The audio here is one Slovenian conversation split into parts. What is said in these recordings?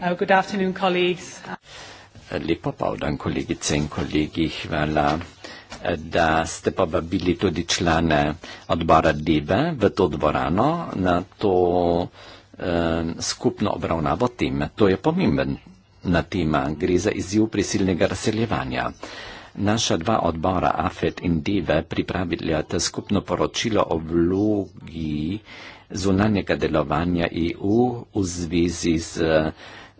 Uh, good afternoon, colleagues. Lepo pa vdan, kolegice in kolegi, hvala, eh, da ste pa bili tudi člane odbora Debe v to dvorano na to eh, skupno obravnavo teme. To je pomemben na tema. Gre za izziv prisilnega razseljevanja. Naša dva odbora, AFET in DEVE, pripravila ta skupno poročilo o vlogi zunanjega delovanja EU v zvezi z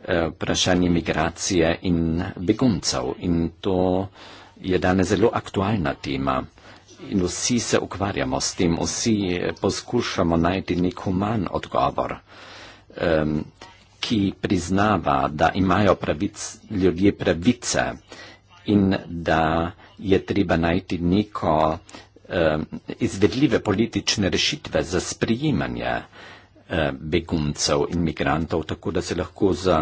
Eh, vprašanje migracije in beguncev. In to je danes zelo aktualna tema. In vsi se ukvarjamo s tem, vsi poskušamo najti nek human odgovor, um, ki priznava, da imajo pravic, ljudje pravice in da je treba najti neko um, izvedljive politične rešitve za sprijemanje uh, Eh, beguncev in migrantov, tako da se lahko za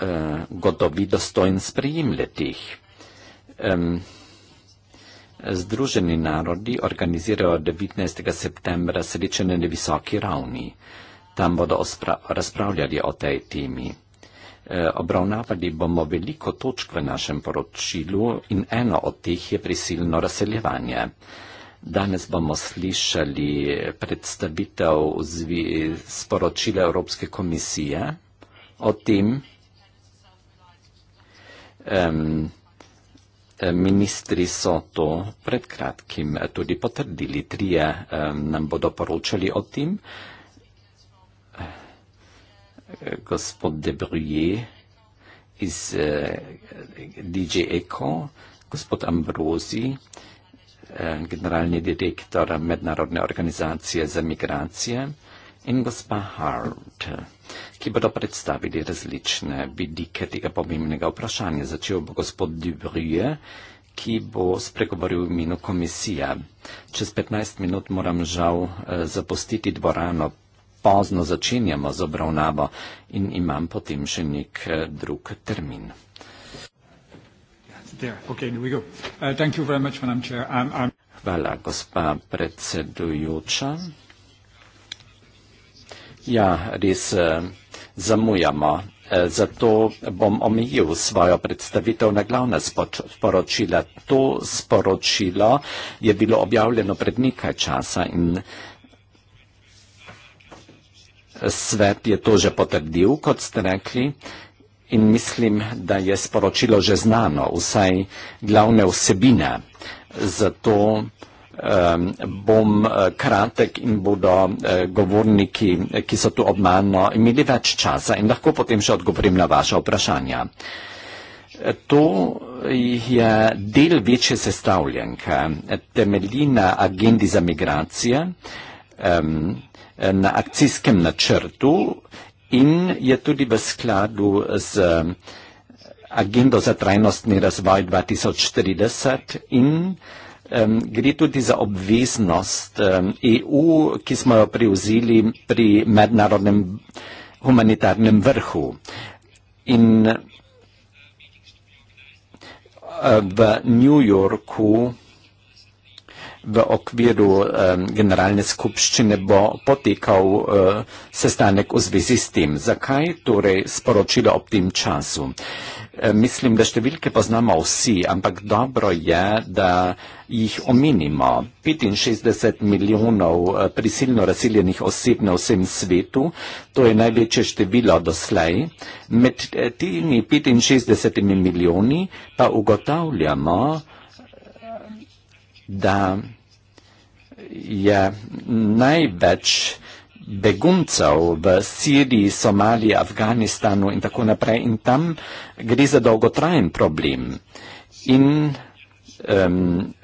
eh, gotovi dostojn sprejemlje teh. Združeni narodi organizirajo 19. septembra srečene na visoki ravni. Tam bodo razpravljali o tej temi. Eh, obravnavali bomo veliko točk v našem poročilu in eno od teh je prisilno razseljevanje. Danes bomo slišali predstavitev sporočila Evropske komisije o tem. Um, ministri so to pred kratkim tudi potrdili, trije um, nam bodo poročali o tem. Gospod De Bruyne iz uh, eh, DJ Eko, gospod Ambrosi, uh, Eh, generalni direktor mednarodne organizacije za migracije in gospa Hart, ki bodo predstavili različne vidike tega pomembnega vprašanja. Začel bo gospod Dubrije, ki bo spregovoril v imenu komisije. Čez 15 minut moram žal eh, zapustiti dvorano. Pozno začenjamo z obravnavo in imam potem še nek eh, drug termin. There. Okay, here we go. Uh, thank you very much, Madam Chair. I'm Hvala, gospa predsedujoča. Ja, res eh, zamujamo. Eh, zato bom omejil svojo predstavitev na glavna sporočila. To sporočilo je bilo objavljeno pred nekaj časa in svet je to že potrdil, kot ste rekli in mislim, da je sporočilo že znano, vsaj glavne vsebine. Zato um, bom eh, kratek in bodo uh, govorniki, eh, ki so tu ob mano, imeli več časa in lahko potem še odgovorim na vaše vprašanja. To je del večje sestavljenke, temelji na agendi za migracije, um, na akcijskem načrtu in je tudi v skladu z eh, agendo za trajnostni razvoj 2040 in um, gre tudi za obveznost um, EU, ki smo jo prevzeli pri mednarodnem humanitarnem vrhu. In uh, v New Yorku v okviru generalne skupščine bo potekal e, sestanek v zvezi s tem. Zakaj torej sporočilo ob tem času? E, mislim, da številke poznamo vsi, ampak dobro je, da jih omenimo. 65 milijonov e, prisilno razseljenih oseb na vsem svetu, to je največje število doslej. Med temi 65 milijoni pa ugotavljamo, da je največ beguncev v Siriji, Somaliji, Afganistanu in tako naprej. In tam gre za dolgotrajen problem. In um,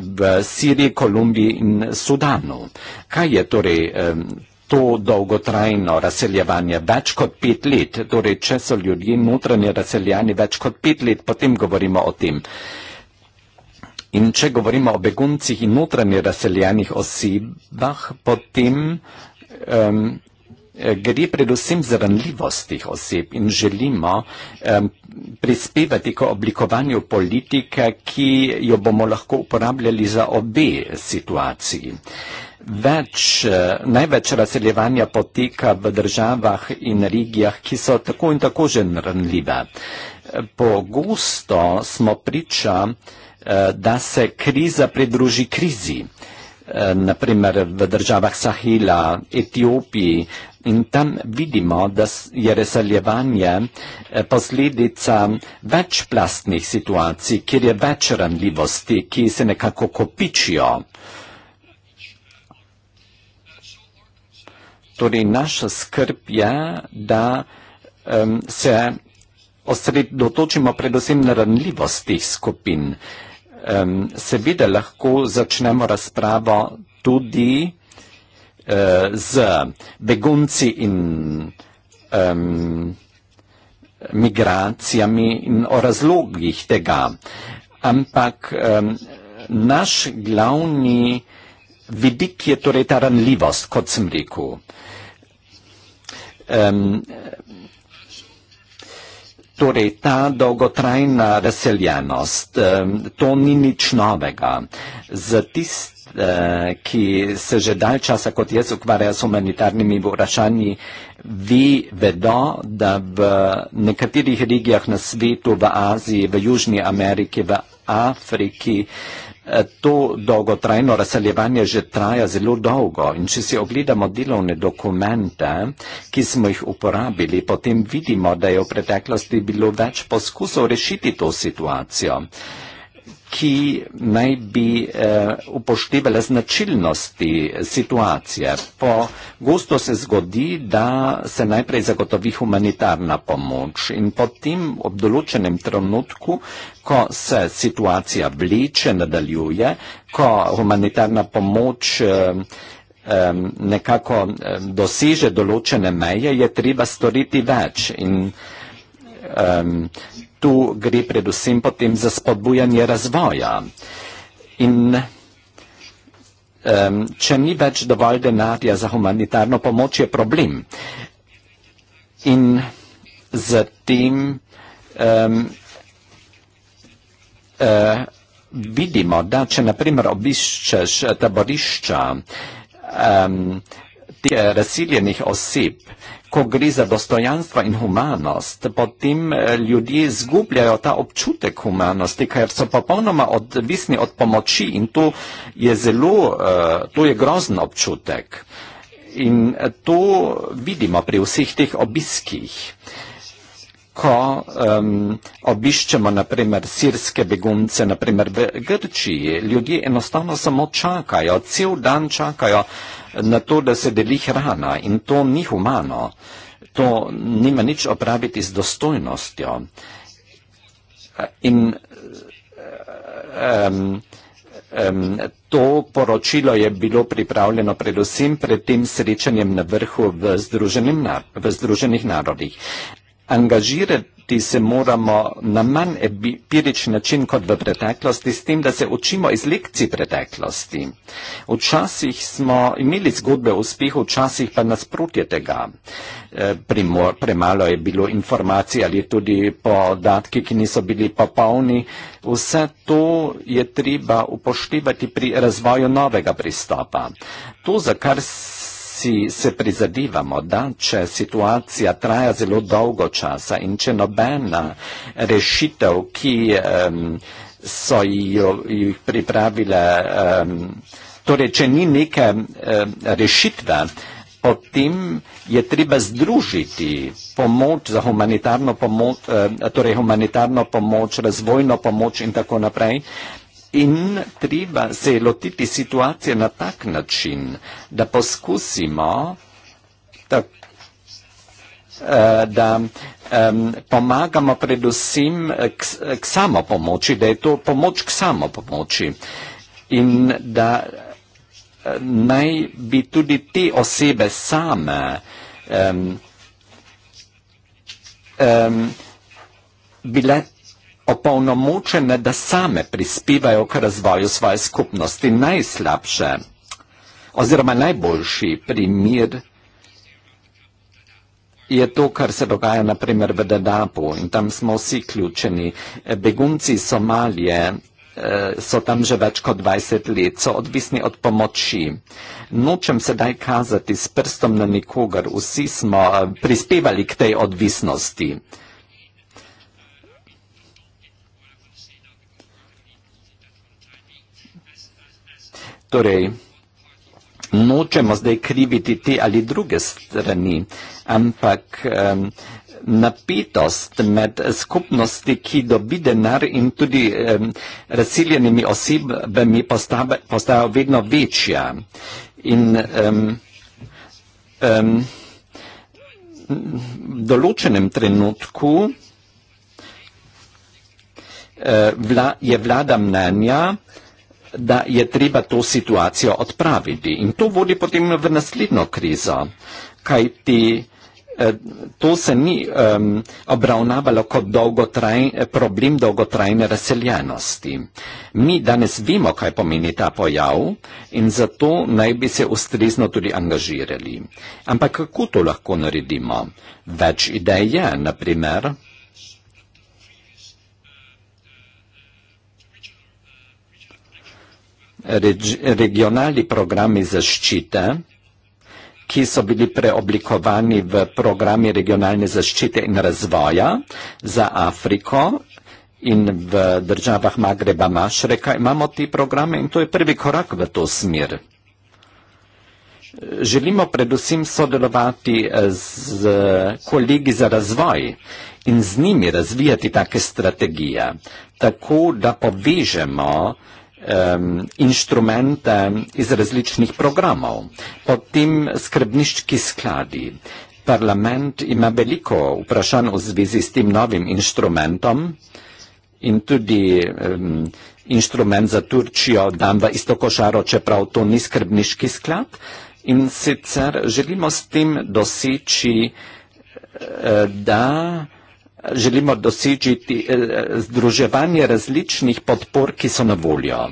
v Siriji, Kolumbiji in Sudanu. Kaj je torej um, to dolgotrajno razseljevanje? Več kot pet let. Torej, če so ljudje notranje razseljani več kot pet let, potem govorimo o tem. Uh, In če govorimo o beguncih in notranje razseljenih osebah, potem um, gre predvsem za ranljivost teh oseb in želimo um, prispevati k oblikovanju politike, ki jo bomo lahko uporabljali za obe situaciji. Več, e, največ razseljevanja poteka v državah in regijah, ki so tako in tako že ranljive. Pogosto smo priča uh, Eh, da se kriza pridruži krizi, eh, naprimer v državah Sahila, Etiopiji in tam vidimo, da je razseljevanje eh, posledica večplastnih situacij, kjer je več ranljivosti, ki se nekako kopičijo. Torej, naša skrb je, da um, se osredotočimo predvsem na ranljivost teh skupin. Uh, seveda lahko začnemo razpravo tudi eh, z begunci in migracijami in o razlogih tega. Ampak naš glavni vidik je torej ta ranljivost, kot sem rekel. Torej, ta dolgotrajna razseljenost, to ni nič novega. Za tist, eh, ki se že dalj časa kot jaz ukvarja s humanitarnimi vprašanji, vi vedo, da v nekaterih regijah na svetu, v Aziji, v Južni Ameriki, v Afriki, Eh, to dolgotrajno razseljevanje že traja zelo dolgo in če si ogledamo delovne dokumente, ki smo jih uporabili, potem vidimo, da je v preteklosti bilo več poskusov rešiti to situacijo ki naj bi eh, upoštevala značilnosti situacije. Pogosto se zgodi, da se najprej zagotovi humanitarna pomoč in potem ob določenem trenutku, ko se situacija vleče, nadaljuje, ko humanitarna pomoč eh, eh nekako eh, doseže določene meje, je treba storiti več. In um, tu gre predvsem potem za spodbujanje razvoja. In um, če ni več dovolj denarja za humanitarno pomoč, je problem. In zatem um, uh, e, vidimo, da če naprimer obiščeš taborišča um, razsiljenih oseb, ko gre za dostojanstvo in humanost, potem eh, ljudje zgubljajo ta občutek humanosti, ker so popolnoma odvisni od pomoči in to je zelo, eh, to je grozen občutek. In eh, to vidimo pri vseh teh obiskih ko um, obiščemo naprimer sirske begunce, naprimer v Grčiji, ljudje enostavno samo čakajo, cel dan čakajo na to, da se deli hrana in to ni humano, to nima nič opraviti z dostojnostjo. In um, um, to poročilo je bilo pripravljeno predvsem pred tem srečanjem na vrhu v, na v Združenih narodih angažirati se moramo na manj empirični način kot v preteklosti, s tem, da se učimo iz lekcij preteklosti. Včasih smo imeli zgodbe o uspehu, včasih pa nasprotje tega. Eh, premalo je bilo informacij ali tudi podatki, ki niso bili popolni. Vse to je treba upoštevati pri razvoju novega pristopa. To, za kar se si se prizadevamo, da če situacija traja zelo dolgo časa in če nobena rešitev, ki um, so jo, jih pripravile, um, torej če ni neke um, rešitve, potem je treba združiti pomoč za humanitarno pomoč, torej humanitarno pomoč, razvojno pomoč in tako naprej. In treba se je lotiti situacije na tak način, da poskusimo, tak, eh, da um, pomagamo predvsem eh, k, eh, k samopomoči, da je to pomoč k samopomoči. In da naj bi tudi te osebe same um, um, bile opolnomočene, da same prispevajo k razvoju svoje skupnosti. Najslabše oziroma najboljši primir je to, kar se dogaja naprimer v Dadabu in tam smo vsi ključeni. Begunci Somalije eh, so tam že več kot 20 let, so odvisni od pomoči. Nočem sedaj kazati s prstom na nikogar, vsi smo eh, prispevali k tej odvisnosti. Torej, nočemo zdaj kriviti te ali druge strani, ampak um, napetost med skupnosti, ki dobi denar in tudi um, razsiljenimi osebami postaja vedno večja. In um, um, v določenem trenutku uh, vla, je vlada mnenja, da je treba to situacijo odpraviti. In to vodi potem v naslednjo krizo, kaj ti eh, to se ni um, obravnavalo kot dolgotraj, problem dolgotrajne razseljenosti. Mi danes vemo, kaj pomeni ta pojav in zato naj bi se ustrezno tudi angažirali. Ampak kako to lahko naredimo? Več idej je, naprimer, regionalni programi zaščite, ki so bili preoblikovani v programi regionalne zaščite in razvoja za Afriko in v državah Magreba Mašreka, imamo ti programe in to je prvi korak v to smer. Želimo predvsem sodelovati eh, z kolegi za razvoj in z njimi razvijati take strategije, tako da povežemo um, inštrumente iz različnih programov. Potem skrbniški skladi. Parlament ima veliko vprašanj v zvezi s tem novim inštrumentom in tudi um, inštrument za Turčijo dam v isto košaro, čeprav to ni skrbniški sklad. In sicer želimo s tem doseči, eh, da želimo doseči eh, združevanje različnih podpor, ki so na voljo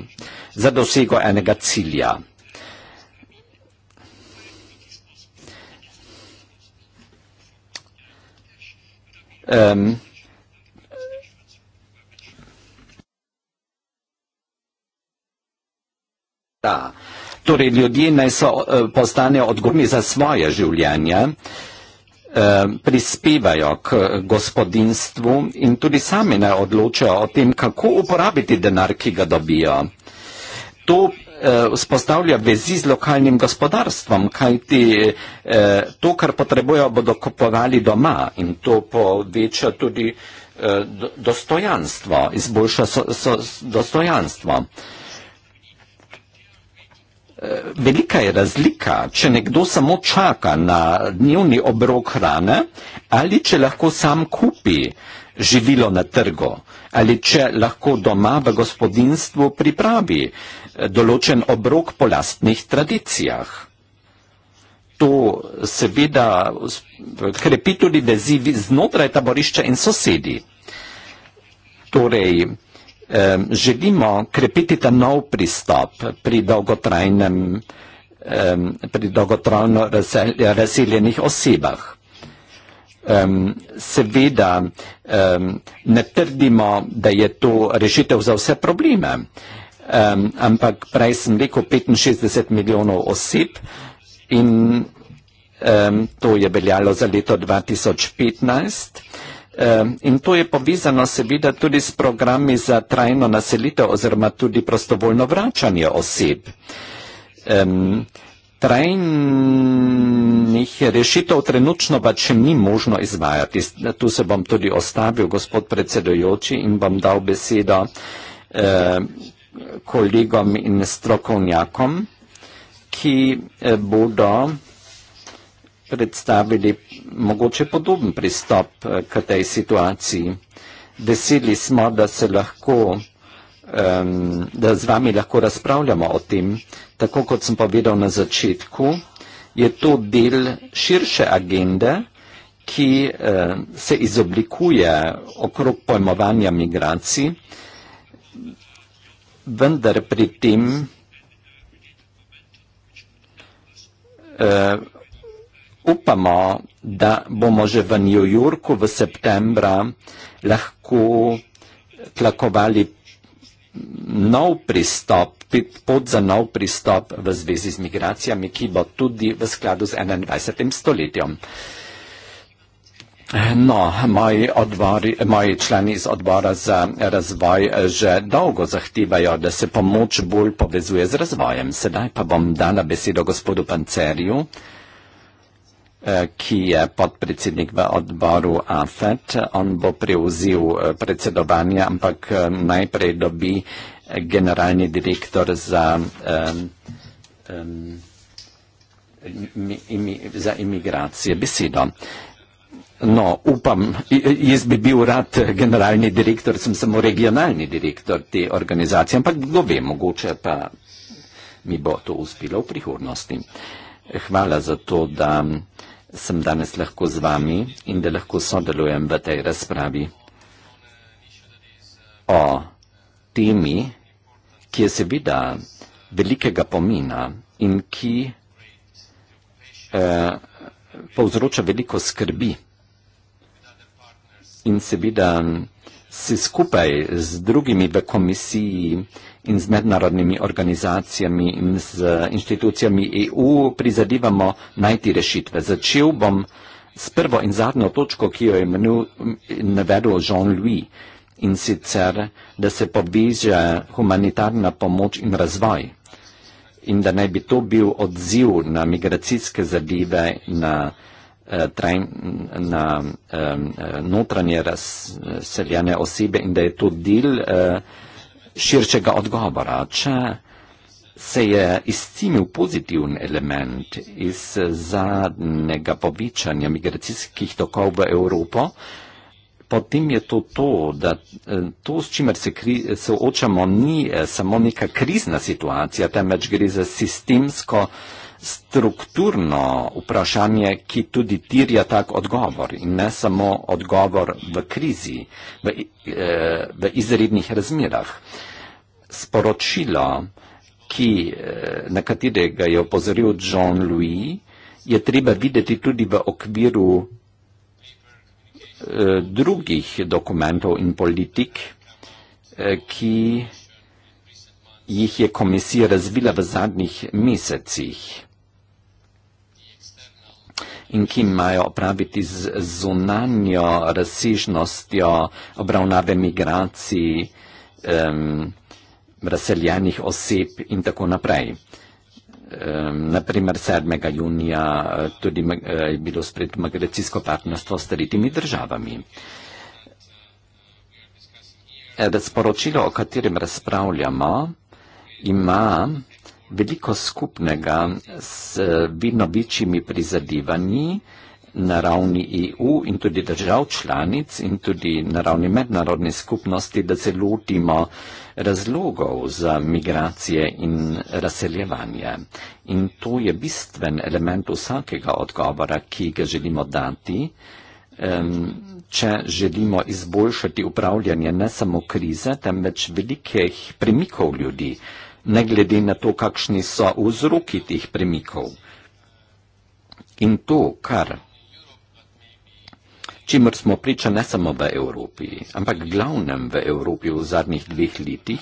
za dosego enega cilja. Um, Da. Torej, ljudje naj so, eh, postanejo odgovorni za svoje življenje. Uh, Eh, prispevajo k eh, gospodinstvu in tudi sami ne odločajo o tem, kako uporabiti denar, ki ga dobijo. To eh, vzpostavlja vezi z lokalnim gospodarstvom, kajti to, kar potrebujejo, bodo kupovali doma in to poveča tudi dostojanstvo, izboljša so, so, dostojanstvo. Uh, Velika je razlika, če nekdo samo čaka na dnevni obrok hrane ali če lahko sam kupi živilo na trgu ali če lahko doma v gospodinstvu pripravi eh, določen obrok po lastnih tradicijah. To seveda krepi tudi vezi znotraj taborišča in sosedi. Torej, Ehm, želimo krepiti ta nov pristop pri dolgotrajnem, ehm, pri dolgotrajno razseljenih osebah. Ehm, seveda ne trdimo, da je to rešitev za vse probleme, ampak prej sem rekel 65 milijonov oseb in to je veljalo za leto 2015, In to je povezano seveda tudi s programi za trajno naselitev oziroma tudi prostovoljno vračanje oseb. Um, trajnih rešitev trenutno pa še ni možno izvajati. Tu se bom tudi ostavil, gospod predsedojoči, in bom dal besedo uh, kolegom in strokovnjakom, ki uh, bodo predstavili mogoče podoben pristop eh, k tej situaciji. Veseli smo, da se lahko, da z vami lahko razpravljamo o tem. Tako kot sem povedal na začetku, je to del širše agende, ki eh, se izoblikuje okrog pojmovanja migracij, vendar pri tem eh, upamo, da bomo že v New Yorku v septembra lahko tlakovali nov pristop, pot za nov pristop v zvezi z migracijami, ki bo tudi v skladu z 21. stoletjem. No, moji, odbori, moji člani iz odbora za razvoj že dolgo zahtevajo, da se pomoč bolj povezuje z razvojem. Sedaj pa bom dala besedo gospodu Pancerju. Eh, ki je podpredsednik v odboru AFET. On bo prevzel eh, predsedovanje, ampak eh, najprej dobi generalni direktor za, um, um, za imigracije besedo. No, upam, jaz bi bil rad generalni direktor, sem samo regionalni direktor te organizacije, ampak kdo ve, mogoče pa mi bo to uspelo v prihodnosti. Hvala za to, da uh, sem danes lahko z vami in da lahko sodelujem v tej razpravi o temi, ki je seveda velikega pomena in ki eh, povzroča veliko skrbi in seveda se skupaj z drugimi v komisiji vsega, in z mednarodnimi organizacijami in z inštitucijami EU prizadivamo najti rešitve. Začel bom s prvo in zadnjo točko, ki jo je menil, navedel Jean-Louis in sicer, da se poveže humanitarna pomoč in razvoj in da naj bi to bil odziv na migracijske zadeve, na, eh, traj, na eh, eh, notranje razseljene osebe in da je to del eh, širšega odgovora. Če se je izcimil pozitiven element iz zadnjega povečanja migracijskih tokov v Evropo, potem je to to, da eh, to, s čimer se soočamo, ni eh, samo neka krizna situacija, temveč gre za sistemsko strukturno vprašanje, ki tudi tirja tak odgovor in ne samo odgovor v krizi, v, eh, v izrednih razmerah. Sporočilo, ki, eh, na katerega je opozoril Jean-Louis, je treba videti tudi v okviru eh, drugih dokumentov in politik, eh, ki jih je komisija razvila v zadnjih mesecih in ki imajo opraviti z zunanjo razsežnostjo obravnave migracij, um, razseljenih oseb in tako naprej. Um, naprimer, 7. junija eh, tudi eh, je bilo spred migracijsko partnerstvo s tretjimi državami. Razporočilo, o katerem razpravljamo, ima veliko skupnega s vedno večjimi prizadevanji na ravni EU in tudi držav članic in tudi na ravni mednarodne skupnosti, da se lotimo razlogov za migracije in razseljevanje. In to je bistven element vsakega odgovora, ki ga želimo dati, če želimo izboljšati upravljanje ne samo krize, temveč velikih premikov ljudi ne glede na to, kakšni so vzroki teh premikov. In to, kar čimer smo priča ne samo v Evropi, ampak glavnem v Evropi v zadnjih dveh letih,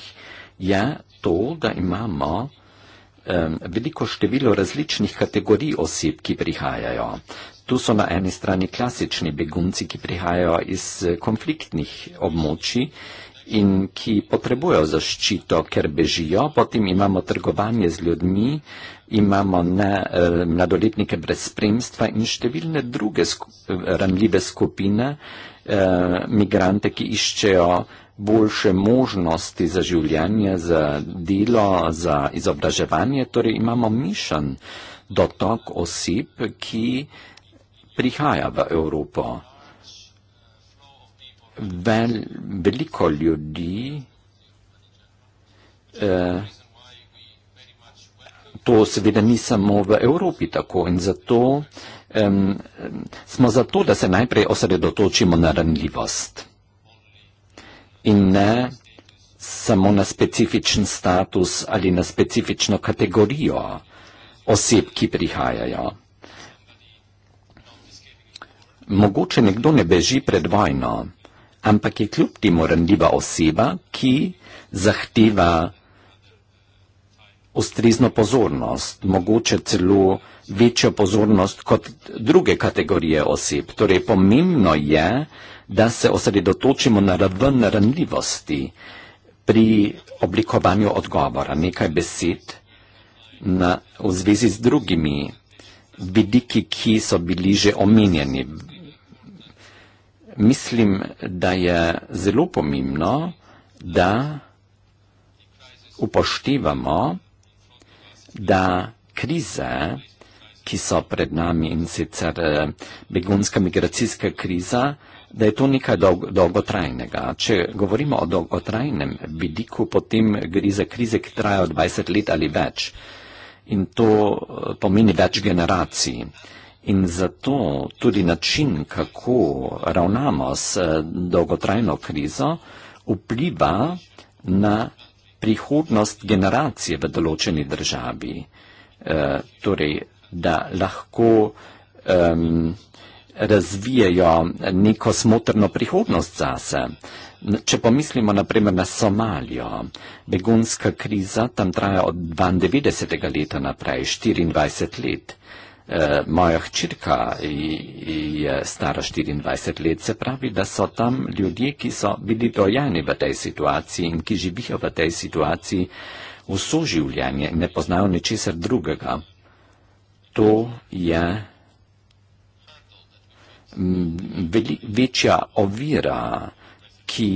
je to, da imamo um, veliko število različnih kategorij oseb, ki prihajajo. Tu so na eni strani klasični begunci, ki prihajajo iz konfliktnih območij in ki potrebujejo zaščito, ker bežijo, potem imamo trgovanje z ljudmi, imamo ne, eh, mladoletnike brez spremstva in številne druge sku, ranljive skupine, eh, migrante, ki iščejo boljše možnosti za življenje, za delo, za izobraževanje. Torej imamo mišen dotok oseb, ki prihaja v Evropo vel, veliko ljudi eh, to seveda ni samo v Evropi tako in zato eh, smo zato, da se najprej osredotočimo na ranljivost in ne samo na specifičen status ali na specifično kategorijo oseb, ki prihajajo. Mogoče nekdo ne beži pred vojno ampak je kljub temu randljiva oseba, ki zahteva ustrezno pozornost, mogoče celo večjo pozornost kot druge kategorije oseb. Torej, pomembno je, da se osredotočimo na raven randljivosti pri oblikovanju odgovora. Nekaj besed na, v zvezi z drugimi vidiki, ki so bili že omenjeni mislim, da je zelo pomembno, da upoštevamo, da krize, ki so pred nami in sicer eh, begunska migracijska kriza, da je to nekaj dolg, dolgotrajnega. Če govorimo o dolgotrajnem vidiku, potem gre za krize, ki trajajo 20 let ali več. In to eh, pomeni več generacij. In zato tudi način, kako ravnamo s eh, dolgotrajno krizo, vpliva na prihodnost generacije v določeni državi. E, torej, da lahko um, razvijajo neko smotrno prihodnost zase. Če pomislimo naprimer na Somalijo, begunska kriza tam traja od 92. leta naprej, 24 let. Uh, moja hčerka je stara 24 let, se pravi, da so tam ljudje, ki so bili dojani v tej situaciji in ki živijo v tej situaciji vso življenje, ne poznajo ničesar drugega. To je mm, veli, večja ovira, ki,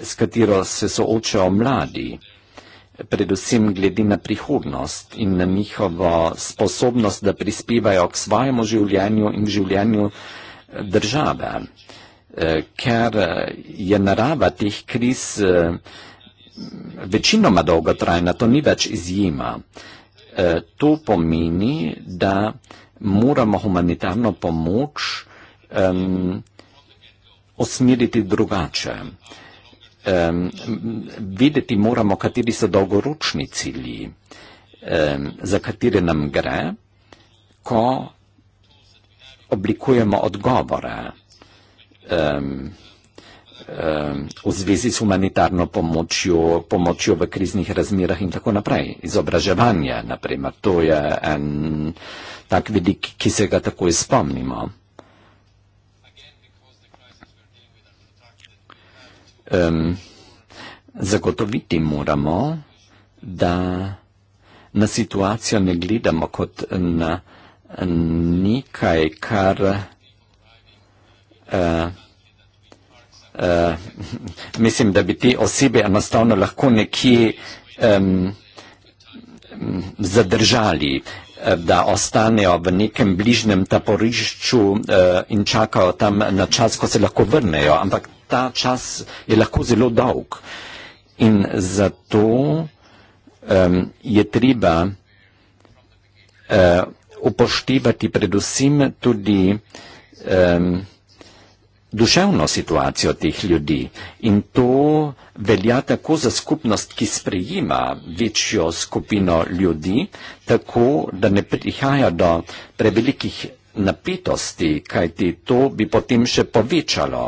s katero se soočajo mladi predvsem glede na prihodnost in na njihovo sposobnost, da prispevajo k svojemu življenju in življenju eh, države. Eh, ker eh, je narava teh kriz večinoma dolgotrajna, to ni več izjema. To pomeni, da moramo humanitarno pomoč um, osmiriti drugače. Uh, um, ehm, videti moramo, kateri so dolgoročni cilji, um, za katere nam gre, ko oblikujemo odgovore um, um, v zvezi s humanitarno pomočjo, pomočjo v kriznih razmerah in tako naprej. Izobraževanje, naprimer, to je en tak vidik, ki se ga takoj spomnimo. um, zagotoviti moramo, da na situacijo ne gledamo kot na nekaj, kar uh, uh, mislim, da bi te osebe enostavno lahko nekje um, zadržali. Uh, Eh, da ostanejo v nekem bližnjem taporišču eh, in čakajo tam na čas, ko se lahko vrnejo. Ampak ta čas je lahko zelo dolg. In zato je treba eh, upoštevati predvsem tudi duševno situacijo teh ljudi in to velja tako za skupnost, ki sprejima večjo skupino ljudi, tako da ne prihaja do prevelikih napetosti, kajti to bi potem še povečalo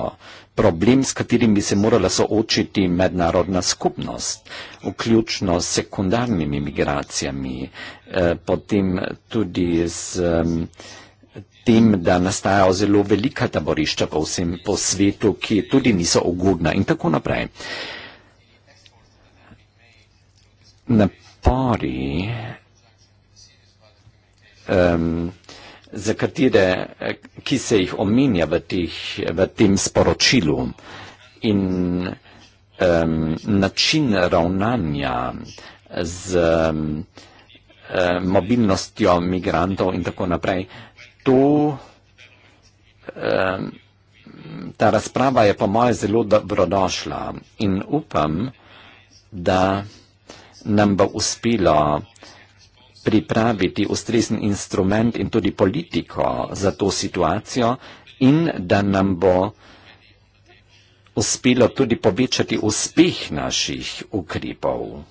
problem, s katerimi se morala soočiti mednarodna skupnost, vključno s sekundarnimi migracijami, eh, potem tudi z. Eh, tem, da nastajajo zelo velika taborišča po vsem po svetu, ki tudi niso ugodna in tako naprej. Napori, um, za katere, ki se jih omenja v, tih, v tem sporočilu in um, način ravnanja z um, mobilnostjo migrantov in tako naprej, to, ta razprava je po moje zelo dobrodošla in upam, da nam bo uspelo pripraviti ustrezen instrument in tudi politiko za to situacijo in da nam bo uspelo tudi povečati uspeh naših ukrepov.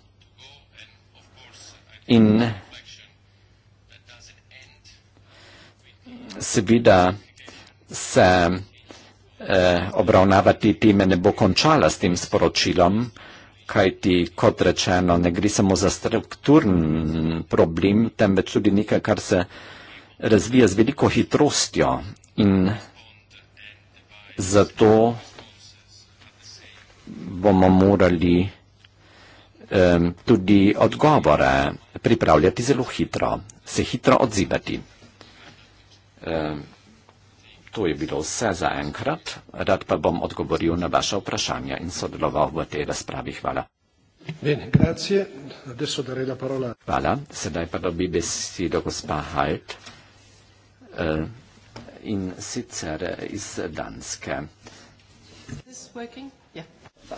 In seveda se eh, obravnavati time ne bo končala s tem sporočilom, kajti, kot rečeno, ne gre samo za strukturn problem, temveč tudi nekaj, kar se razvija z veliko hitrostjo in zato bomo morali eh, tudi odgovore pripravljati zelo hitro, se hitro odzivati. To je bilo vse za enkrat. Rad pa bom odgovoril na vaše vprašanja in sodeloval v tej razpravi. Hvala. Bene, grazie. Adesso darei la parola. Hvala. Sedaj pa dobi besedo gospa Halt in sicer iz Danske.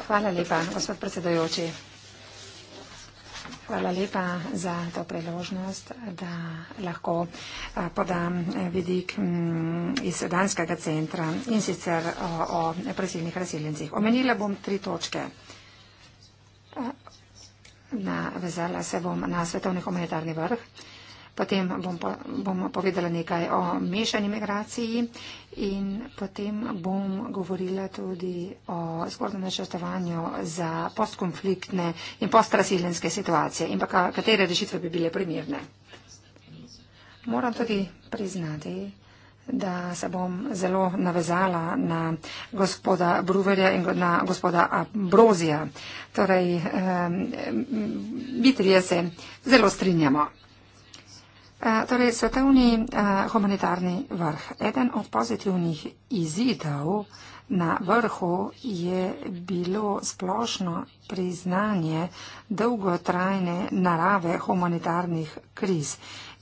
Hvala lepa, gospod predsedajoči. Hvala lepa za to priložnost, da lahko podam vidik iz Danskega centra in sicer o, o prisilnih razseljencih. Omenila bom tri točke. Navezala se bom na svetovni humanitarni vrh. Potem bom, bom povedala nekaj o mešani migraciji in potem bom govorila tudi o zgodnem načrtovanju za postkonfliktne in postrasiljenske situacije in pa katere rešitve bi bile primirne. Moram tudi priznati, da se bom zelo navezala na gospoda Bruverja in na gospoda Abrozija. Torej, mi trije se zelo strinjamo. Eh, torej, svetovni eh, humanitarni vrh. Eden od pozitivnih izidov na vrhu je bilo splošno priznanje dolgotrajne narave humanitarnih kriz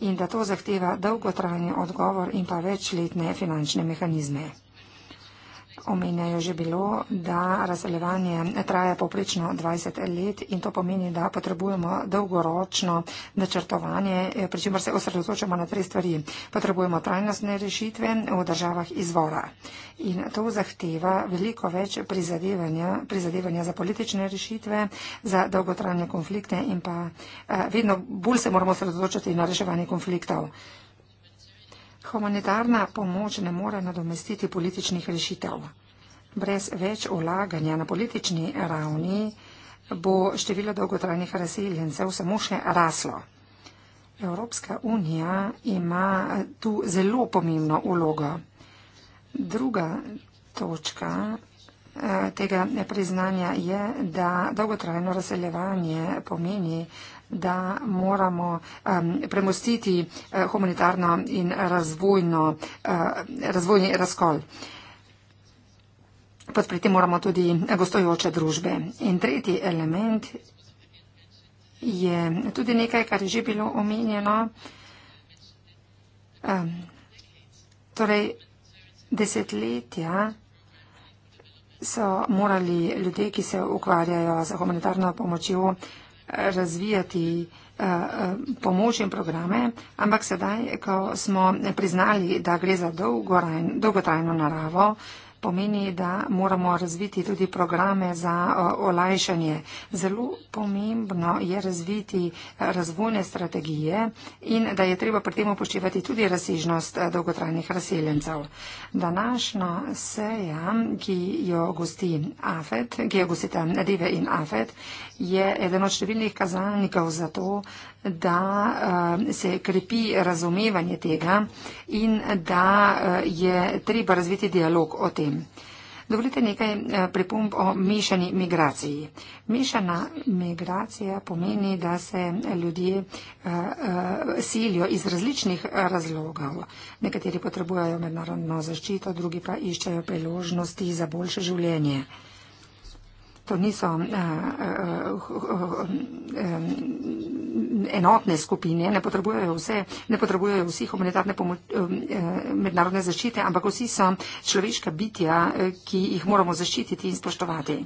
in da to zahteva dolgotrajni odgovor in pa večletne finančne mehanizme. Omenjajo že bilo, da razseljevanje traja poprečno 20 let in to pomeni, da potrebujemo dolgoročno načrtovanje, eh, pri čemer se osredotočamo na tri stvari. Potrebujemo trajnostne rešitve v državah izvora. In to zahteva veliko več prizadevanja, prizadevanja za politične rešitve, za dolgotrajne konflikte in pa eh, vedno bolj se moramo osredotočiti na reševanje konfliktov. Humanitarna pomoč ne more nadomestiti političnih rešitev. Brez več ulaganja na politični ravni bo število dolgotrajnih razseljencev samo še raslo. Evropska unija ima tu zelo pomembno ulogo. Druga točka eh, tega priznanja je, da dolgotrajno razseljevanje pomeni da moramo um, premostiti uh, humanitarno in razvojno, uh, razvojni razkol. Podpreti moramo tudi gostojoče družbe. In tretji element je tudi nekaj, kar je že bilo omenjeno. Um, torej, desetletja so morali ljudje, ki se ukvarjajo z humanitarno pomočjo, uh, razvijati eh, eh, pomoč in programe, ampak sedaj, ko smo priznali, da gre za dolgotrajno naravo, pomeni, da moramo razviti tudi programe za olajšanje. Zelo pomembno je razviti eh, razvojne strategije in da je treba pri tem upoštevati tudi razsežnost eh, dolgotrajnih razseljencev. Današnja seja, ki jo gosti AFET, ki jo gostite Deve in AFET, je eden od številnih kazalnikov za to, da uh, se krepi razumevanje tega in da uh, je treba razviti dialog o tem. Dovolite nekaj eh, pripomb o mešani migraciji. Mešana migracija pomeni, da se ljudje silijo iz različnih razlogov. Nekateri potrebujejo mednarodno zaščito, drugi pa iščejo priložnosti za boljše življenje to niso uh, uh, uh, uh, um, enotne skupine, ne potrebujejo, vse, ne potrebujejo vsi humanitarne pomoč, uh, mednarodne zaščite, ampak vsi so človeška bitja, uh, ki jih moramo zaščititi in spoštovati.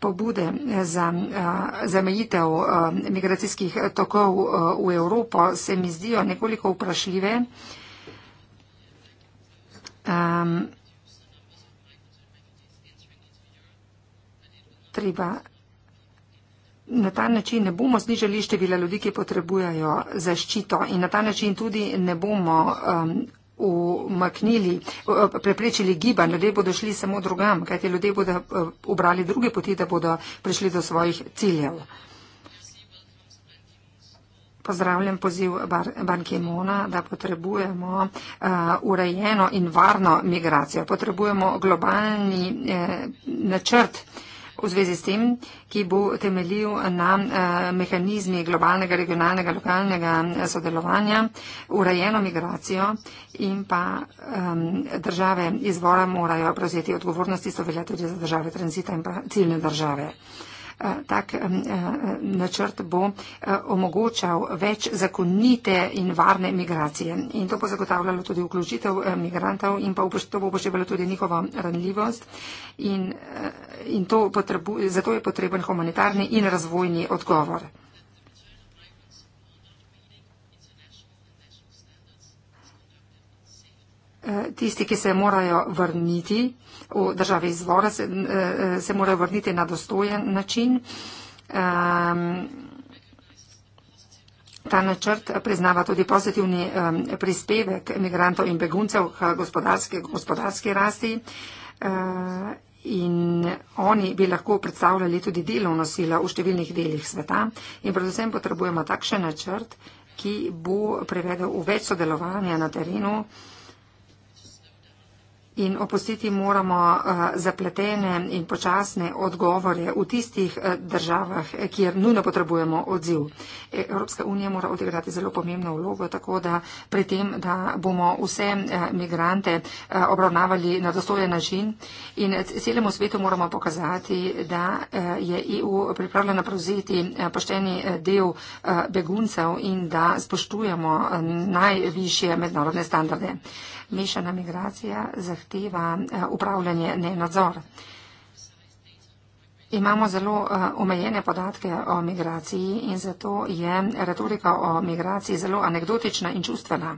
pobude za zamejitev migracijskih tokov v Evropo se mi zdijo nekoliko vprašljive um, treba. Na ta način ne bomo znižali števila ljudi, ki potrebujejo zaščito in na ta način tudi ne bomo um, umaknili, preprečili gibanje. Ljudje bodo šli samo drugam, kajti ljudje bodo obrali druge poti, da bodo prišli do svojih ciljev. Pozdravljam poziv Bankemona, da potrebujemo uh, urejeno in varno migracijo. Potrebujemo globalni eh, načrt v zvezi s tem, ki bo temeljil na eh, mehanizmi globalnega, regionalnega, lokalnega eh, sodelovanja, urejeno migracijo in pa eh, države izvora morajo prevzeti odgovornosti, so velja tudi za države tranzita in pa ciljne države. Eh, Eh, tak eh, eh, načrt bo omogočal več zakonite in varne migracije. In to bo zagotavljalo tudi vključitev migrantov in pa to bo upoštevalo tudi njihovo ranljivost. In, in to potrebu, zato je potreben humanitarni in razvojni odgovor. tisti, ki se morajo vrniti v države izvora, se, eh, se morajo vrniti na dostojen način. Um, ta načrt priznava tudi pozitivni um, prispevek imigrantov in beguncev k gospodarski, gospodarski rasti uh, in oni bi lahko predstavljali tudi delovno silo v številnih delih sveta in predvsem potrebujemo takšen načrt, ki bo prevedel v več sodelovanja na terenu uh, in opustiti moramo eh, zapletene in počasne odgovore v tistih eh, državah, eh, kjer nujno potrebujemo odziv. Evropska unija mora odigrati zelo pomembno vlogo, tako da pri tem, da bomo vse migrante obravnavali na dostojen način in celemu svetu moramo pokazati, da je EU pripravljena prevzeti pošteni del beguncev in da spoštujemo najvišje mednarodne standarde mešana migracija zahteva eh, upravljanje, ne nadzor. Imamo zelo eh, omejene podatke o migraciji in zato je retorika o migraciji zelo anegdotična in čustvena.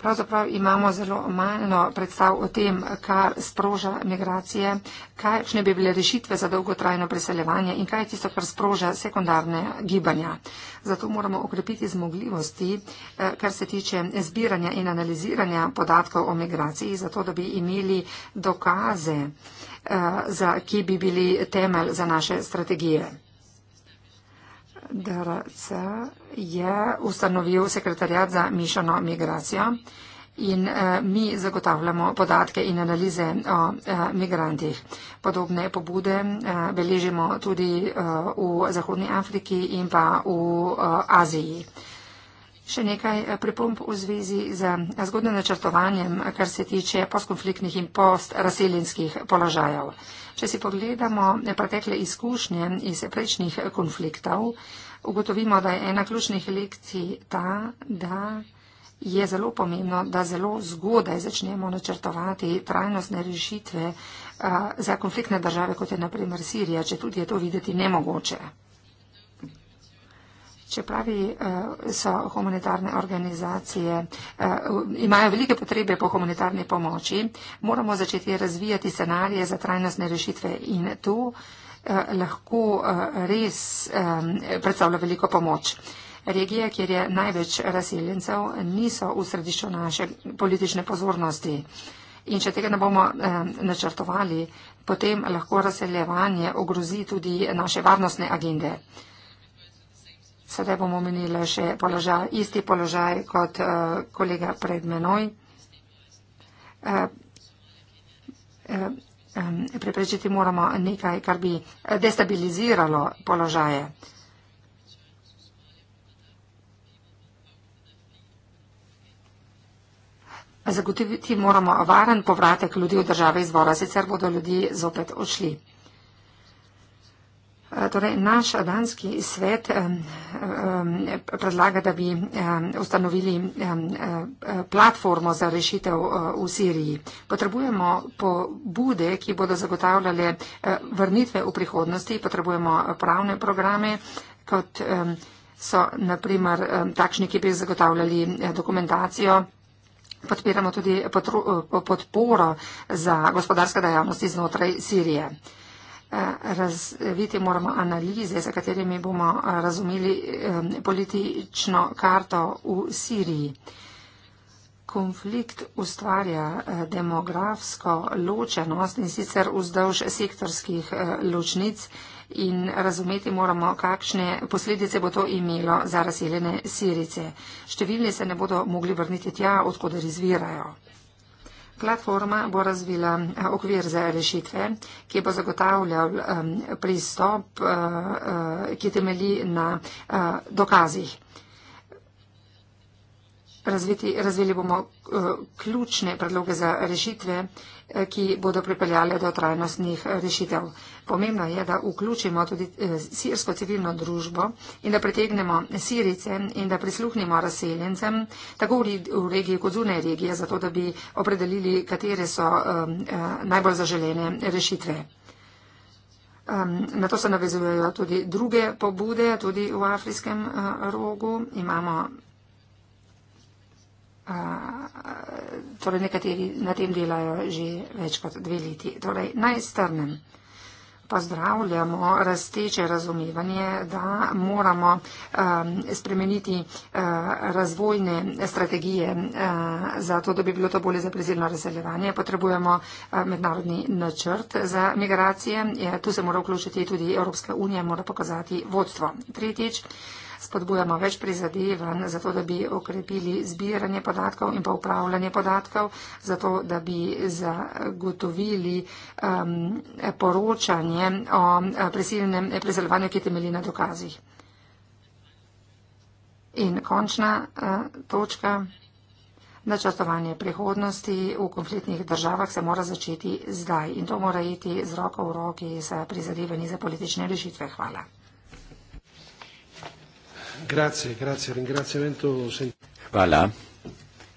Pravzaprav imamo zelo malo predstav o tem, kar sproža migracije, kakšne bi bile rešitve za dolgotrajno preseljevanje in kaj je tisto, kar sproža sekundarne gibanja. Zato moramo okrepiti zmogljivosti, eh, kar se tiče zbiranja in analiziranja podatkov o migraciji, zato da bi imeli dokaze, eh, ki bi bili temelj za naše strategije. DRC je ustanovil sekretarjat za mišljeno migracijo in eh, mi zagotavljamo podatke in analize o eh, migrantih. Podobne pobude eh, beležimo tudi eh, v Zahodni Afriki in pa v eh, Aziji. Eh, Še nekaj eh, pripomp v zvezi z eh, zgodnjim načrtovanjem, eh, kar se tiče postkonfliktnih in postraseljenskih položajev. Če si pogledamo pretekle izkušnje iz prejšnjih konfliktov, ugotovimo, da je ena ključnih lekcij ta, da je zelo pomembno, da zelo zgodaj začnemo načrtovati trajnostne rešitve za konfliktne države, kot je naprimer Sirija, če tudi je to videti nemogoče. Če pravi, eh, so humanitarne organizacije, eh, imajo velike potrebe po humanitarni pomoči, moramo začeti razvijati scenarije za trajnostne rešitve in tu eh, lahko res predstavlja veliko pomoč. Regije, kjer je največ razseljencev, niso v središču naše politične pozornosti. In če tega ne bomo načrtovali, potem lahko razseljevanje ogrozi tudi naše varnostne agende. Sedaj bom omenila še položaj, isti položaj kot uh, kolega pred menoj. Uh, preprečiti moramo nekaj, kar bi destabiliziralo položaje. Zagotoviti moramo varen povratek ljudi v države izvora, sicer bodo ljudi zopet odšli. Eh, torej, naš danski svet eh, eh, predlaga, da bi ustanovili platformo za rešitev v Siriji. Potrebujemo pobude, ki bodo zagotavljale vrnitve v prihodnosti, potrebujemo pravne programe, kot so naprimer takšni, ki bi zagotavljali dokumentacijo. Podpiramo tudi podporo za gospodarske dejavnosti znotraj Sirije. Eh, razviti moramo analize, za katerimi bomo eh, razumeli eh, politično karto v Siriji. Konflikt ustvarja demografsko ločenost in sicer vzdolž sektorskih ločnic in razumeti moramo, kakšne posledice bo to imelo za razseljene Sirice. Številni se ne bodo mogli vrniti tja, odkud izvirajo. Platforma bo razvila eh, okvir za rešitve, ki bo zagotavljal eh, pristop, eh, ki temelji na dokazih razviti, razvili bomo eh, ključne predloge za rešitve, eh, ki bodo pripeljale do trajnostnih eh, rešitev. Pomembno je, da vključimo tudi sirsko civilno družbo in da pritegnemo sirice in da prisluhnimo razseljencem, tako v regiji kot zunaj regije, zato da bi opredelili, katere so ehm, najbolj zaželene rešitve. Ehm, na to se navezujejo tudi druge pobude, tudi v afriskem rogu. Imamo Uh, torej nekateri na tem delajo že več kot dve leti. Torej, naj strnem. Pozdravljamo razteče razumevanje, da moramo um, spremeniti uh, razvojne strategije uh, za to, da bi bilo to bolje za prezirno razseljevanje. Potrebujemo uh, mednarodni načrt za migracije. Je, ja, tu se mora vključiti tudi Evropska unija, mora pokazati vodstvo. Tretjič. Uh, spodbujamo več prizadevanj za to, da bi okrepili zbiranje podatkov in pa upravljanje podatkov, za to, da bi zagotovili um, poročanje o eh, prisilnem eh, prizadevanju, ki temelji na dokazih. In končna uh, točka. Načrtovanje prihodnosti v konfliktnih državah se mora začeti zdaj in to mora iti z roko v roki s prizadevanji za politične rešitve. Hvala. Grazie, grazie, ringraziamento. Hvala.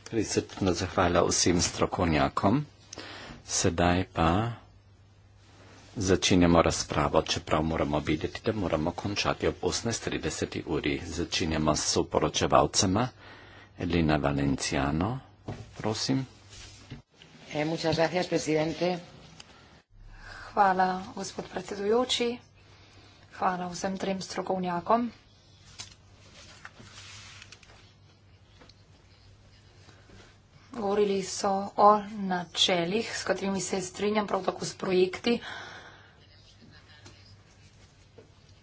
Prisrčno zahvala vsem strokovnjakom. Sedaj pa začenjamo razpravo, čeprav moramo videti, da moramo končati ob 18.30 uri. Začenjamo s soporočevalcema. Elena Valenciano, prosim. E, Hvala, gospod predsedujoči. Hvala vsem trem strokovnjakom. govorili so o načeljih, s katerimi se strinjam, prav tako s projekti.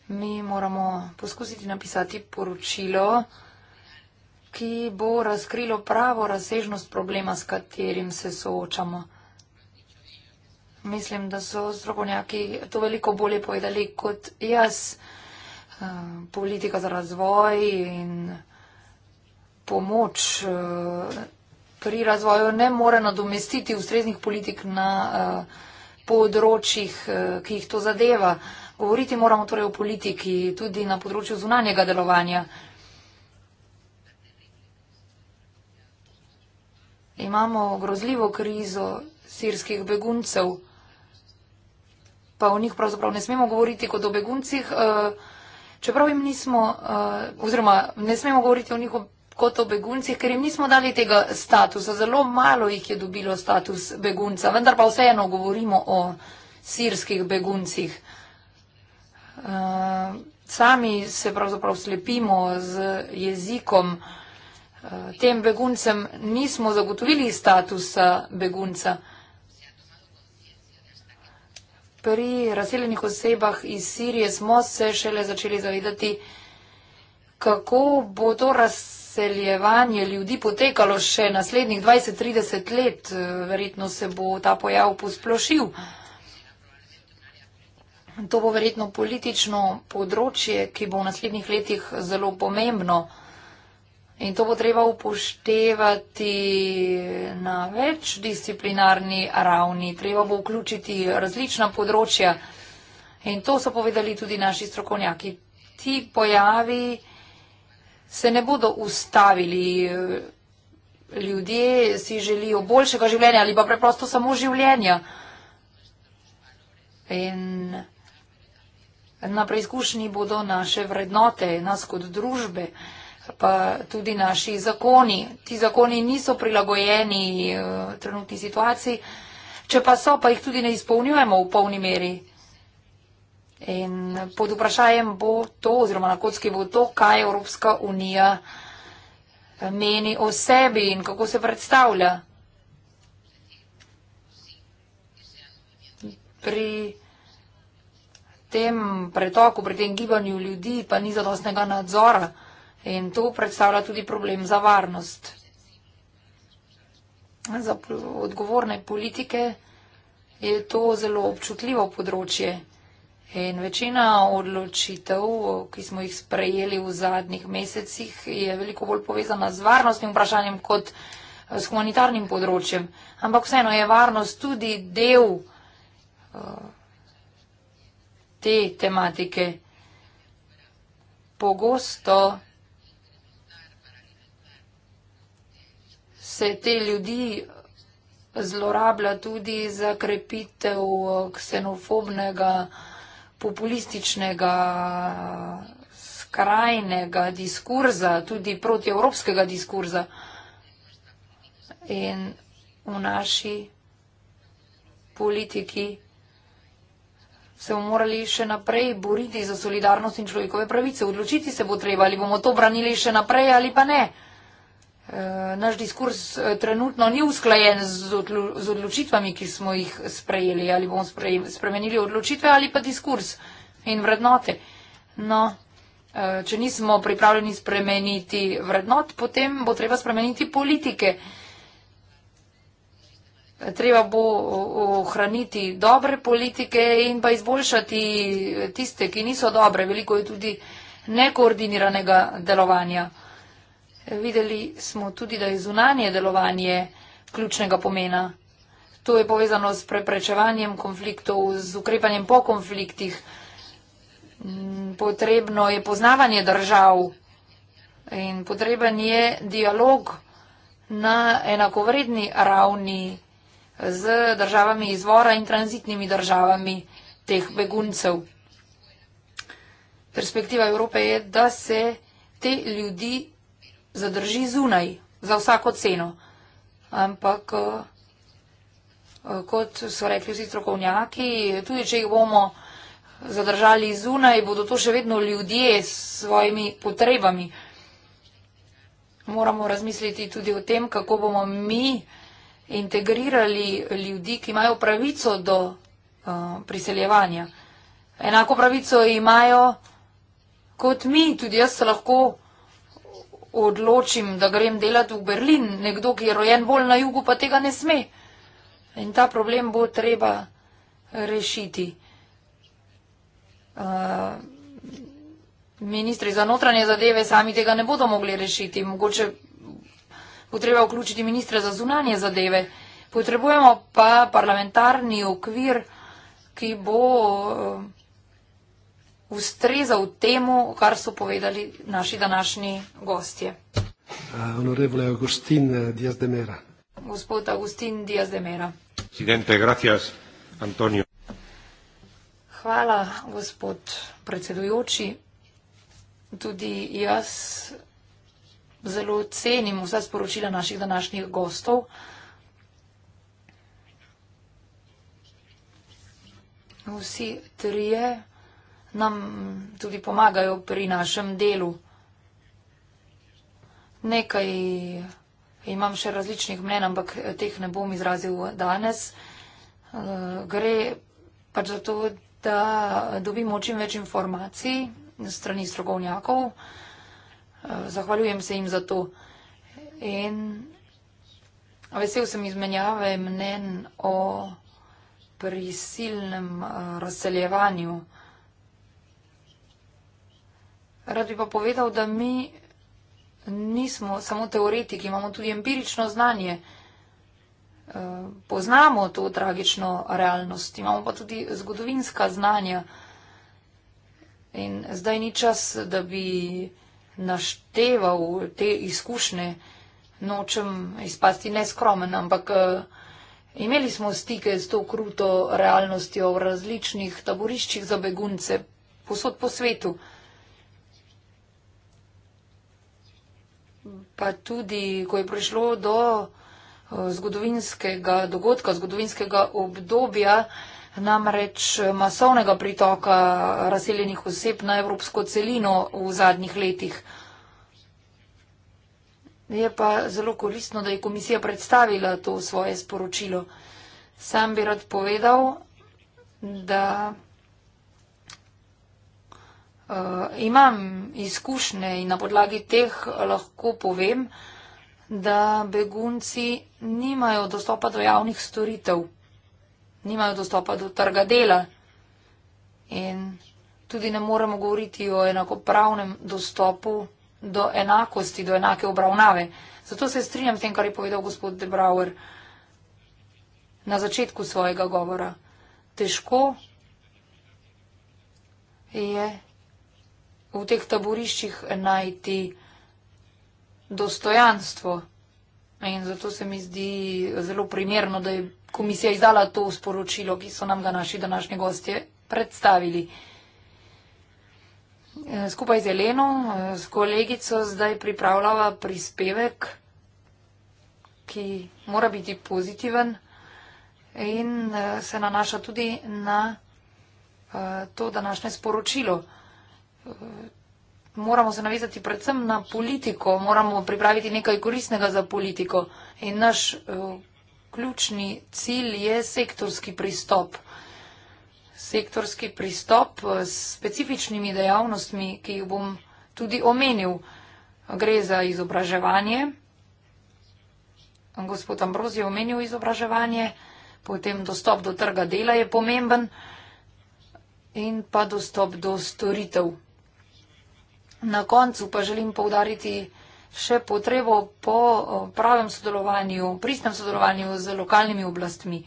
Mi moramo poskusiti napisati poročilo, ki bo razkrilo pravo razsežnost problema, s katerim se soočamo. Mislim, da so strokovnjaki to veliko bolje povedali kot jaz. Eh, politika za razvoj in pomoč eh, pri razvoju ne more nadomestiti ustreznih politik na eh, področjih, eh, ki jih to zadeva. Govoriti moramo torej o politiki tudi na področju zunanjega delovanja. Imamo grozljivo krizo sirskih beguncev, pa o njih pravzaprav ne smemo govoriti kot o beguncih, eh, čeprav jim nismo, oziroma ne smemo govoriti o njihovih kot o beguncih, ker jim nismo dali tega statusa. Zelo malo jih je dobilo status begunca, vendar pa vseeno govorimo o sirskih beguncih. Uh, sami se pravzaprav slepimo z jezikom. Uh, tem beguncem nismo zagotovili statusa begunca. Pri razseljenih osebah iz Sirije smo se šele začeli zavedati, kako bo to razseljeno izseljevanje ljudi potekalo še naslednjih 20-30 let, eh, verjetno se bo ta pojav posplošil. To bo verjetno politično področje, ki bo v naslednjih letih zelo pomembno. In to bo treba upoštevati na več disciplinarni ravni. Treba bo vključiti različna področja. In to so povedali tudi naši strokovnjaki. Ti pojavi se ne bodo ustavili. Eh, ljudje si želijo boljšega življenja ali pa preprosto samo življenja. In na preizkušnji bodo naše vrednote, nas kot družbe, pa tudi naši zakoni. Ti zakoni niso prilagojeni eh, trenutni situaciji, če pa so, pa jih tudi ne izpolnjujemo v polni meri. In pod vprašanjem bo to, oziroma na kocki bo to, kaj Evropska unija meni o sebi in kako se predstavlja. Pri tem pretoku, pri tem gibanju ljudi pa ni zadostnega nadzora in to predstavlja tudi problem za varnost. Za odgovorne politike je to zelo občutljivo področje. In večina odločitev, ki smo jih sprejeli v zadnjih mesecih, je veliko bolj povezana z varnostnim vprašanjem kot eh, s humanitarnim področjem. Ampak vseeno je varnost tudi del uh, te tematike. Pogosto se te ljudi eh, zlorablja tudi za krepitev ksenofobnega populističnega, skrajnega diskurza, tudi protievropskega diskurza. In v naši politiki se bomo morali še naprej boriti za solidarnost in človekove pravice. Odločiti se bo treba, ali bomo to branili še naprej ali pa ne. Eh, naš diskurs eh, trenutno ni usklajen z odločitvami, ki smo jih sprejeli ali bomo spremenili odločitve ali pa diskurs in vrednote. No, eh, če nismo pripravljeni spremeniti vrednot, potem bo treba spremeniti politike. Treba bo ohraniti dobre politike in pa izboljšati tiste, ki niso dobre. Veliko je tudi nekoordiniranega delovanja. Videli smo tudi, da je zunanje delovanje ključnega pomena. To je povezano s preprečevanjem konfliktov, z ukrepanjem po konfliktih. Mm, potrebno je poznavanje držav in potreben je dialog na enakovredni ravni z državami izvora in tranzitnimi državami teh beguncev. Perspektiva Evrope je, da se te ljudi zadrži zunaj za vsako ceno. Ampak, eh, eh, kot so rekli vsi strokovnjaki, tudi če jih bomo zadržali zunaj, bodo to še vedno ljudje s svojimi potrebami. Moramo razmisliti tudi o tem, kako bomo mi integrirali ljudi, ki imajo pravico do uh, priseljevanja. Enako pravico imajo kot mi, tudi jaz lahko odločim, da grem delati v Berlin, nekdo, ki je rojen bolj na jugu, pa tega ne sme. In ta problem bo treba rešiti. Uh, ministri za notranje zadeve sami tega ne bodo mogli rešiti. Mogoče bo treba vključiti ministre za zunanje zadeve. Potrebujemo pa parlamentarni okvir, ki bo. Uh, ustrezal temu, kar so povedali naši današnji gostje. Eh, Honorable Agustin Diaz de Mera. Gospod Agustin Diaz de Mera. Presidente, gracias, Antonio. Hvala, gospod predsedujoči. Tudi jaz zelo cenim vsa sporočila naših današnjih gostov. Vsi trije nam tudi pomagajo pri našem delu. Nekaj imam še različnih mnen, ampak teh ne bom izrazil danes. Eh, gre pač za to, da dobimo čim več informacij strani strokovnjakov. Eh, zahvaljujem se jim za to. In vesel sem izmenjave mnen o prisilnem eh, razseljevanju. Rad bi pa povedal, da mi nismo samo teoretiki, imamo tudi empirično znanje. Eh, poznamo to tragično realnost, imamo pa tudi zgodovinska znanja. In zdaj ni čas, da bi našteval te izkušnje, nočem izpasti neskromen, ampak eh, imeli smo stike s to kruto realnostjo v različnih taboriščih za begunce, posod po svetu. pa tudi, ko je prišlo do eh, zgodovinskega dogodka, zgodovinskega obdobja, namreč masovnega pritoka razseljenih oseb na evropsko celino v zadnjih letih. Je pa zelo koristno, da je komisija predstavila to svoje sporočilo. Sam bi rad povedal, da. Uh, imam izkušnje in na podlagi teh lahko povem, da begunci nimajo dostopa do javnih storitev, nimajo dostopa do trga dela in tudi ne moremo govoriti o enakopravnem dostopu do enakosti, do enake obravnave. Zato se strinjam s tem, kar je povedal gospod De Brouwer na začetku svojega govora. Težko je v teh taboriščih najti dostojanstvo. In zato se mi zdi zelo primerno, da je komisija izdala to sporočilo, ki so nam ga naši današnji gostje predstavili. E, skupaj z Eleno, e, s kolegico, zdaj pripravljava prispevek, ki mora biti pozitiven in e, se nanaša tudi na to današnje sporočilo moramo se navezati predvsem na politiko, moramo pripraviti nekaj koristnega za politiko. In naš eh, ključni cilj je sektorski pristop. Sektorski pristop eh, s specifičnimi dejavnostmi, ki jih bom tudi omenil. Gre za izobraževanje. Gospod Ambroz je omenil izobraževanje, potem dostop do trga dela je pomemben in pa dostop do storitev. Na koncu pa želim povdariti še potrebo po pravem sodelovanju, pristnem sodelovanju z lokalnimi oblastmi.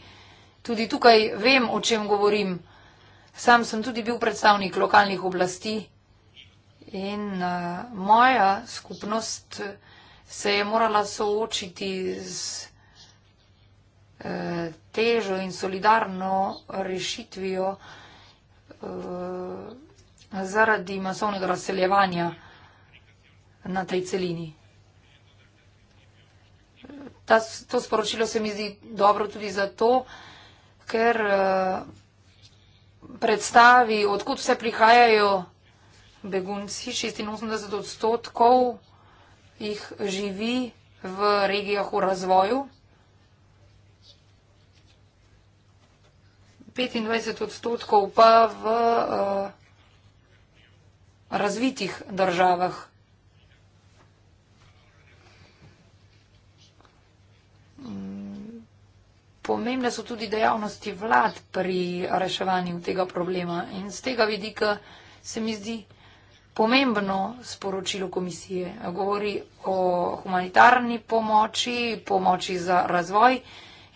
Tudi tukaj vem, o čem govorim. Sam sem tudi bil predstavnik lokalnih oblasti in moja skupnost se je morala soočiti z e, težo in solidarno rešitvijo e, zaradi masovnega razseljevanja na tej celini. Ta, to sporočilo se mi zdi dobro tudi zato, ker eh, predstavi, odkud vse prihajajo begunci, 86 odstotkov jih živi v regijah v razvoju, 25 odstotkov pa v. Uh, развитых державах. Pomembne so tudi dejavnosti vlad pri reševanju tega problema in z tega vidika se mi zdi pomembno sporočilo komisije. Govori o humanitarni pomoči, pomoči za razvoj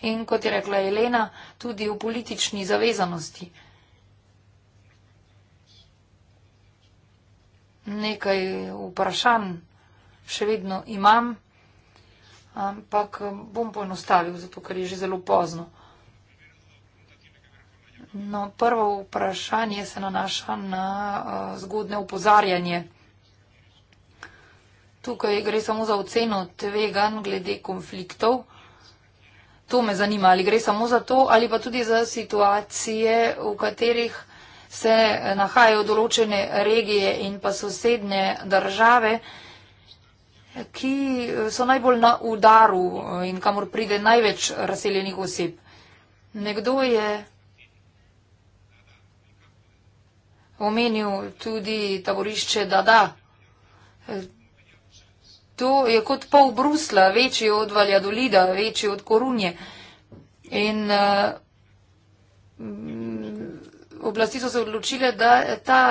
in, kot je rekla Elena, tudi o politični zavezanosti. nekaj vprašanj še vedno imam, ampak bom poenostavil, zato ker je že zelo pozno. No, prvo vprašanje se nanaša na eh, zgodne upozarjanje. Tukaj gre samo za oceno tvegan glede konfliktov. To me zanima, ali gre samo za to, ali pa tudi za situacije, v katerih se nahajajo določene regije in pa sosednje države, ki so najbolj na udaru in kamor pride največ razseljenih oseb. Nekdo je omenil tudi taborišče Dada. To je kot pol Brusla, večji od Valjadolida, večji od Korunje. In eh, oblasti so se odločile, da ta,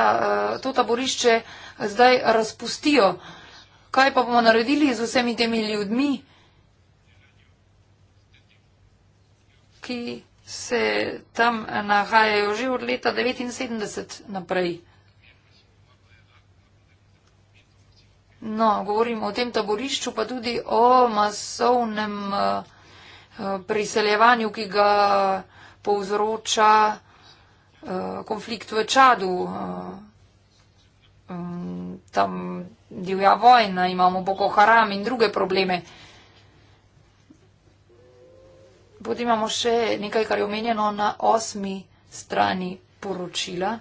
eh, to taborišče zdaj razpustijo. Kaj pa bomo naredili z vsemi temi ljudmi, ki se tam nahajajo že od leta 79 naprej? No, govorim o tem taborišču, pa tudi o masovnem eh, priseljevanju, ki ga povzroča. Eh, konflikt v Čadu, eh, eh, tam divja vojna, imamo Boko Haram in druge probleme. Potem imamo še nekaj, kar je omenjeno na osmi strani poročila.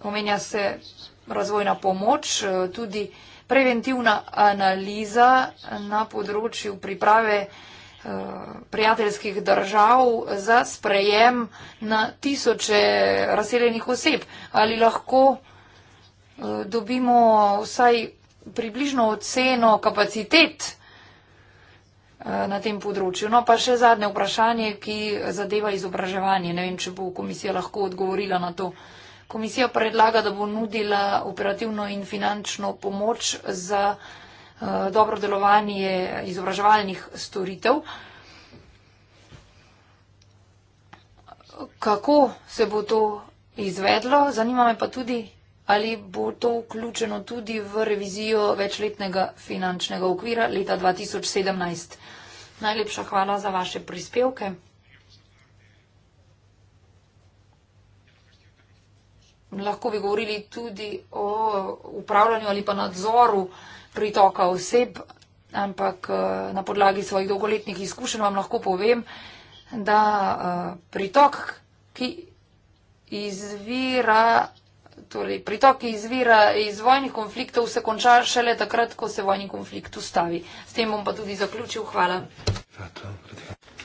Omenja se razvojna pomoč, tudi preventivna analiza na področju priprave Eh, prijateljskih držav za sprejem na tisoče razseljenih oseb. Ali lahko eh, dobimo vsaj približno oceno kapacitet eh, na tem področju. No pa še zadnje vprašanje, ki zadeva izobraževanje. Ne vem, če bo komisija lahko odgovorila na to. Komisija predlaga, da bo nudila operativno in finančno pomoč za Eh, dobro delovanje izobraževalnih storitev. Kako se bo to izvedlo? Zanima me pa tudi, ali bo to vključeno tudi v revizijo večletnega finančnega okvira leta 2017. Najlepša hvala za vaše prispevke. Lahko bi govorili tudi o upravljanju ali pa nadzoru uh, pritoka oseb, ampak eh, na podlagi svojih dolgoletnih izkušenj vam lahko povem, da eh, pritok, ki izvira, torej pritok, ki izvira iz vojnih konfliktov, se konča šele takrat, ko se vojni konflikt ustavi. S tem bom pa tudi zaključil. Hvala.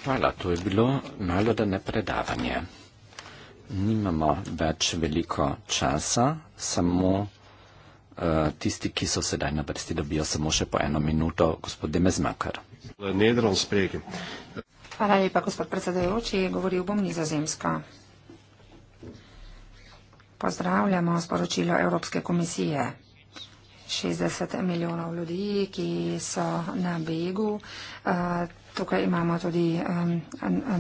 Hvala, to je bilo malo da ne predavanje. Nimamo več veliko časa, samo. Eh, tisti, ki so sedaj na vrsti, dobijo samo še po eno minuto. Gospod Demeznakar. Hvala lepa, gospod predsedajoči. Govoril bom nizozemska. Pozdravljamo sporočilo Evropske komisije. 60 milijonov ljudi, ki so na begu. Eh, tukaj imamo tudi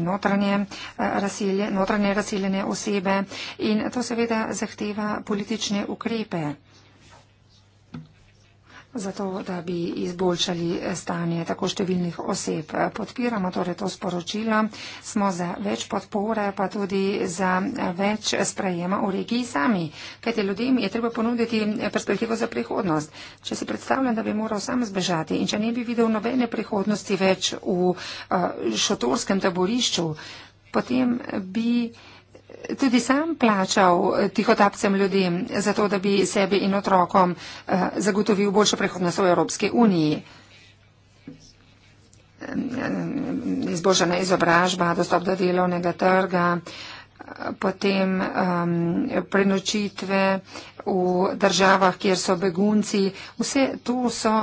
notranje, eh, razsilje, notranje razsiljene osebe in to seveda zahteva politične ukrepe zato, da bi izboljšali stanje tako številnih oseb. Podpiramo torej to sporočilo, smo za več podpore, pa tudi za več sprejema v regiji sami, kajte ljudem je treba ponuditi perspektivo za prihodnost. Če si predstavljam, da bi moral sam zbežati in če ne bi videl nobene prihodnosti več v eh, šotorskem taborišču, potem bi tudi sam plačal eh, tihotapcem ljudi, zato da bi sebi in otrokom eh, zagotovil boljšo prihodnost v Evropski uniji. Izboljšana izobražba, dostop do delovnega trga, eh, potem um, prenočitve v državah, kjer so begunci. Vse to so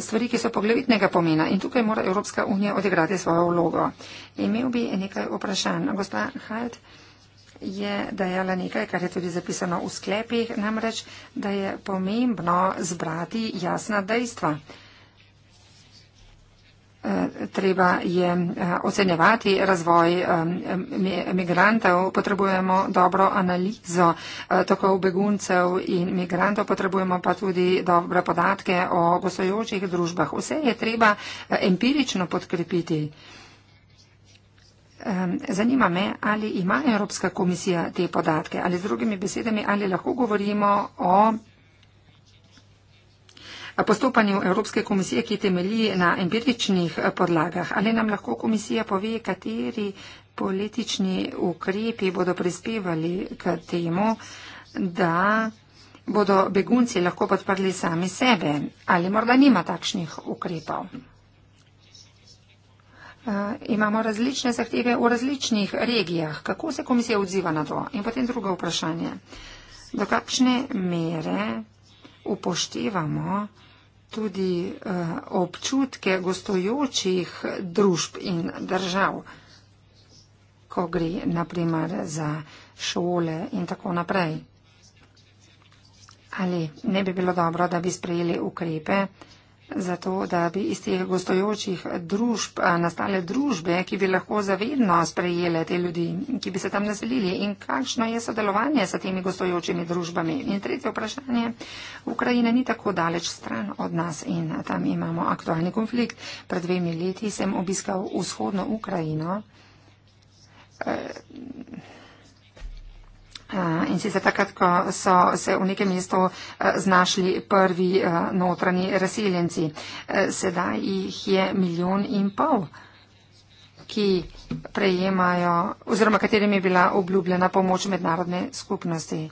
stvari, ki so poglavitnega pomena in tukaj mora Evropska unija odigrati svojo vlogo. Imel bi nekaj vprašanj. Gospa Hajt je dejala nekaj, kar je tudi zapisano v sklepih, namreč, da je pomembno zbrati jasna dejstva. Eh, treba je eh, ocenjevati razvoj eh, migrantov, potrebujemo dobro analizo tako beguncev in migrantov, potrebujemo pa tudi dobre podatke o gostujočih družbah. Vse je treba empirično podkrepiti. Zanima me, ali ima Evropska komisija te podatke, ali z drugimi besedami, ali lahko govorimo o postopanju Evropske komisije, ki temelji na empiričnih podlagah, ali nam lahko komisija pove, kateri politični ukrepi bodo prispevali k temu, da bodo begunci lahko podprli sami sebe, ali morda nima takšnih ukrepov. Eh, imamo različne zahteve v različnih regijah. Kako se komisija odziva na to? In potem drugo vprašanje. Do kakšne mere upoštevamo tudi uh, občutke gostujočih družb in držav, ko gre naprimer za šole in tako naprej? Ali ne bi bilo dobro, da bi sprejeli ukrepe? zato da bi iz teh gostujočih družb eh, nastale družbe, ki bi lahko zavedno sprejele te ljudi, ki bi se tam naselili in kakšno je sodelovanje s temi gostujočimi družbami. In tretje vprašanje, Ukrajina ni tako daleč stran od nas in tam imamo aktualni konflikt. Pred dvemi leti sem obiskal vzhodno Ukrajino. E, Eh, in sicer takrat, ko so se v nekem mestu eh, znašli prvi eh, notranji razseljenci. Sedaj jih je milijon in pol, ki prejemajo oziroma katerim je bila obljubljena pomoč mednarodne skupnosti.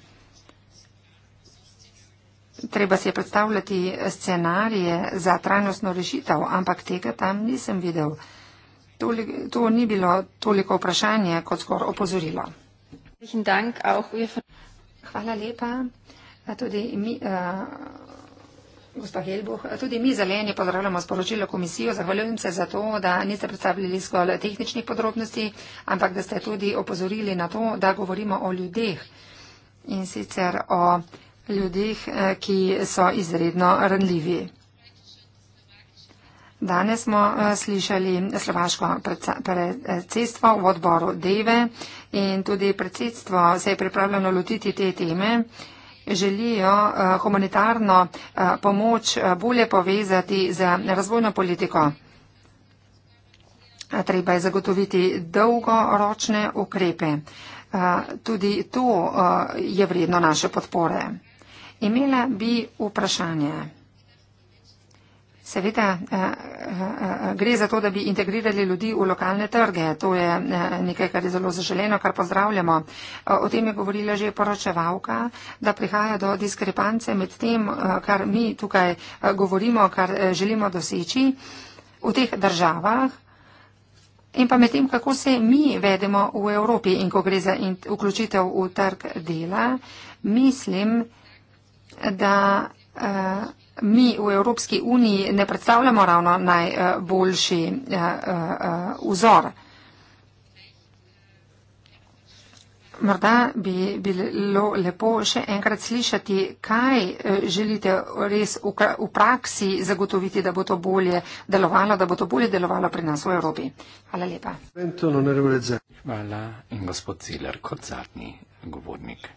Treba si je predstavljati scenarije za trajnostno rešitev, ampak tega tam nisem videl. To ni bilo toliko vprašanje kot skoraj opozorilo. Hvala lepa. Tudi mi, uh, gospod Helbuh, tudi mi zeleni pozdravljamo sporočilo komisijo. Zahvaljujem se za to, da niste predstavljali zgolj tehničnih podrobnosti, ampak da ste tudi opozorili na to, da govorimo o ljudeh. In sicer o ljudeh, ki so izredno ranljivi. Danes smo eh, slišali slovaško predsedstvo v odboru Deve in tudi predsedstvo se je pripravljeno lotiti te teme. Želijo eh, humanitarno eh, pomoč bolje povezati z razvojno politiko. Treba je zagotoviti dolgoročne ukrepe. Tudi to je vredno naše podpore. Imela bi vprašanje. Seveda eh, eh, eh, gre za to, da bi integrirali ljudi v lokalne trge. To je nekaj, kar je zelo zaželeno, kar pozdravljamo. O tem je govorila že poročevalka, da prihaja do diskrepance med tem, kar mi tukaj govorimo, kar želimo doseči v teh državah. In pa med tem, kako se mi vedemo v Evropi in ko gre za vključitev v trg dela, mislim, da. Uh, mi v Evropski uniji ne predstavljamo ravno najboljši eh, eh, vzor. Morda bi bilo lepo še enkrat slišati, kaj eh, želite res v praksi zagotoviti, da bo to bolje delovalo, da bo to bolje delovalo pri nas v Evropi. Hvala lepa. Hvala in gospod Ziller kot zadnji govornik.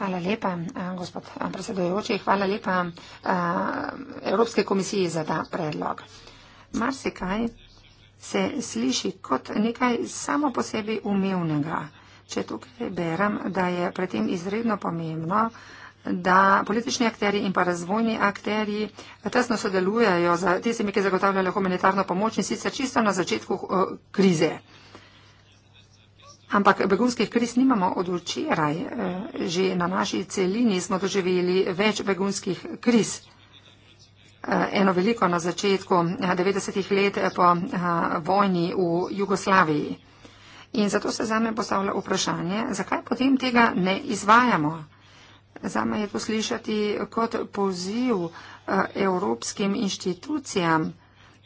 Hvala lepa, gospod predsedojoči. Hvala lepa Evropske komisiji za ta predlog. Marsikaj se sliši kot nekaj samo po sebi umevnega. Če tukaj berem, da je predtem izredno pomembno, da politični akteri in pa razvojni akteri tesno sodelujejo z tistimi, ki zagotavljajo humanitarno pomoč in sicer čisto na začetku krize. Ampak begunskih kriz nimamo od včeraj. Eh, Že na naši celini smo doživeli več begunskih kriz. Eh, Eno veliko na začetku 90-ih eh, let po vojni v Jugoslaviji. In zato se za me postavlja vprašanje, zakaj potem tega ne izvajamo. Za me je to slišati kot poziv evropskim inštitucijam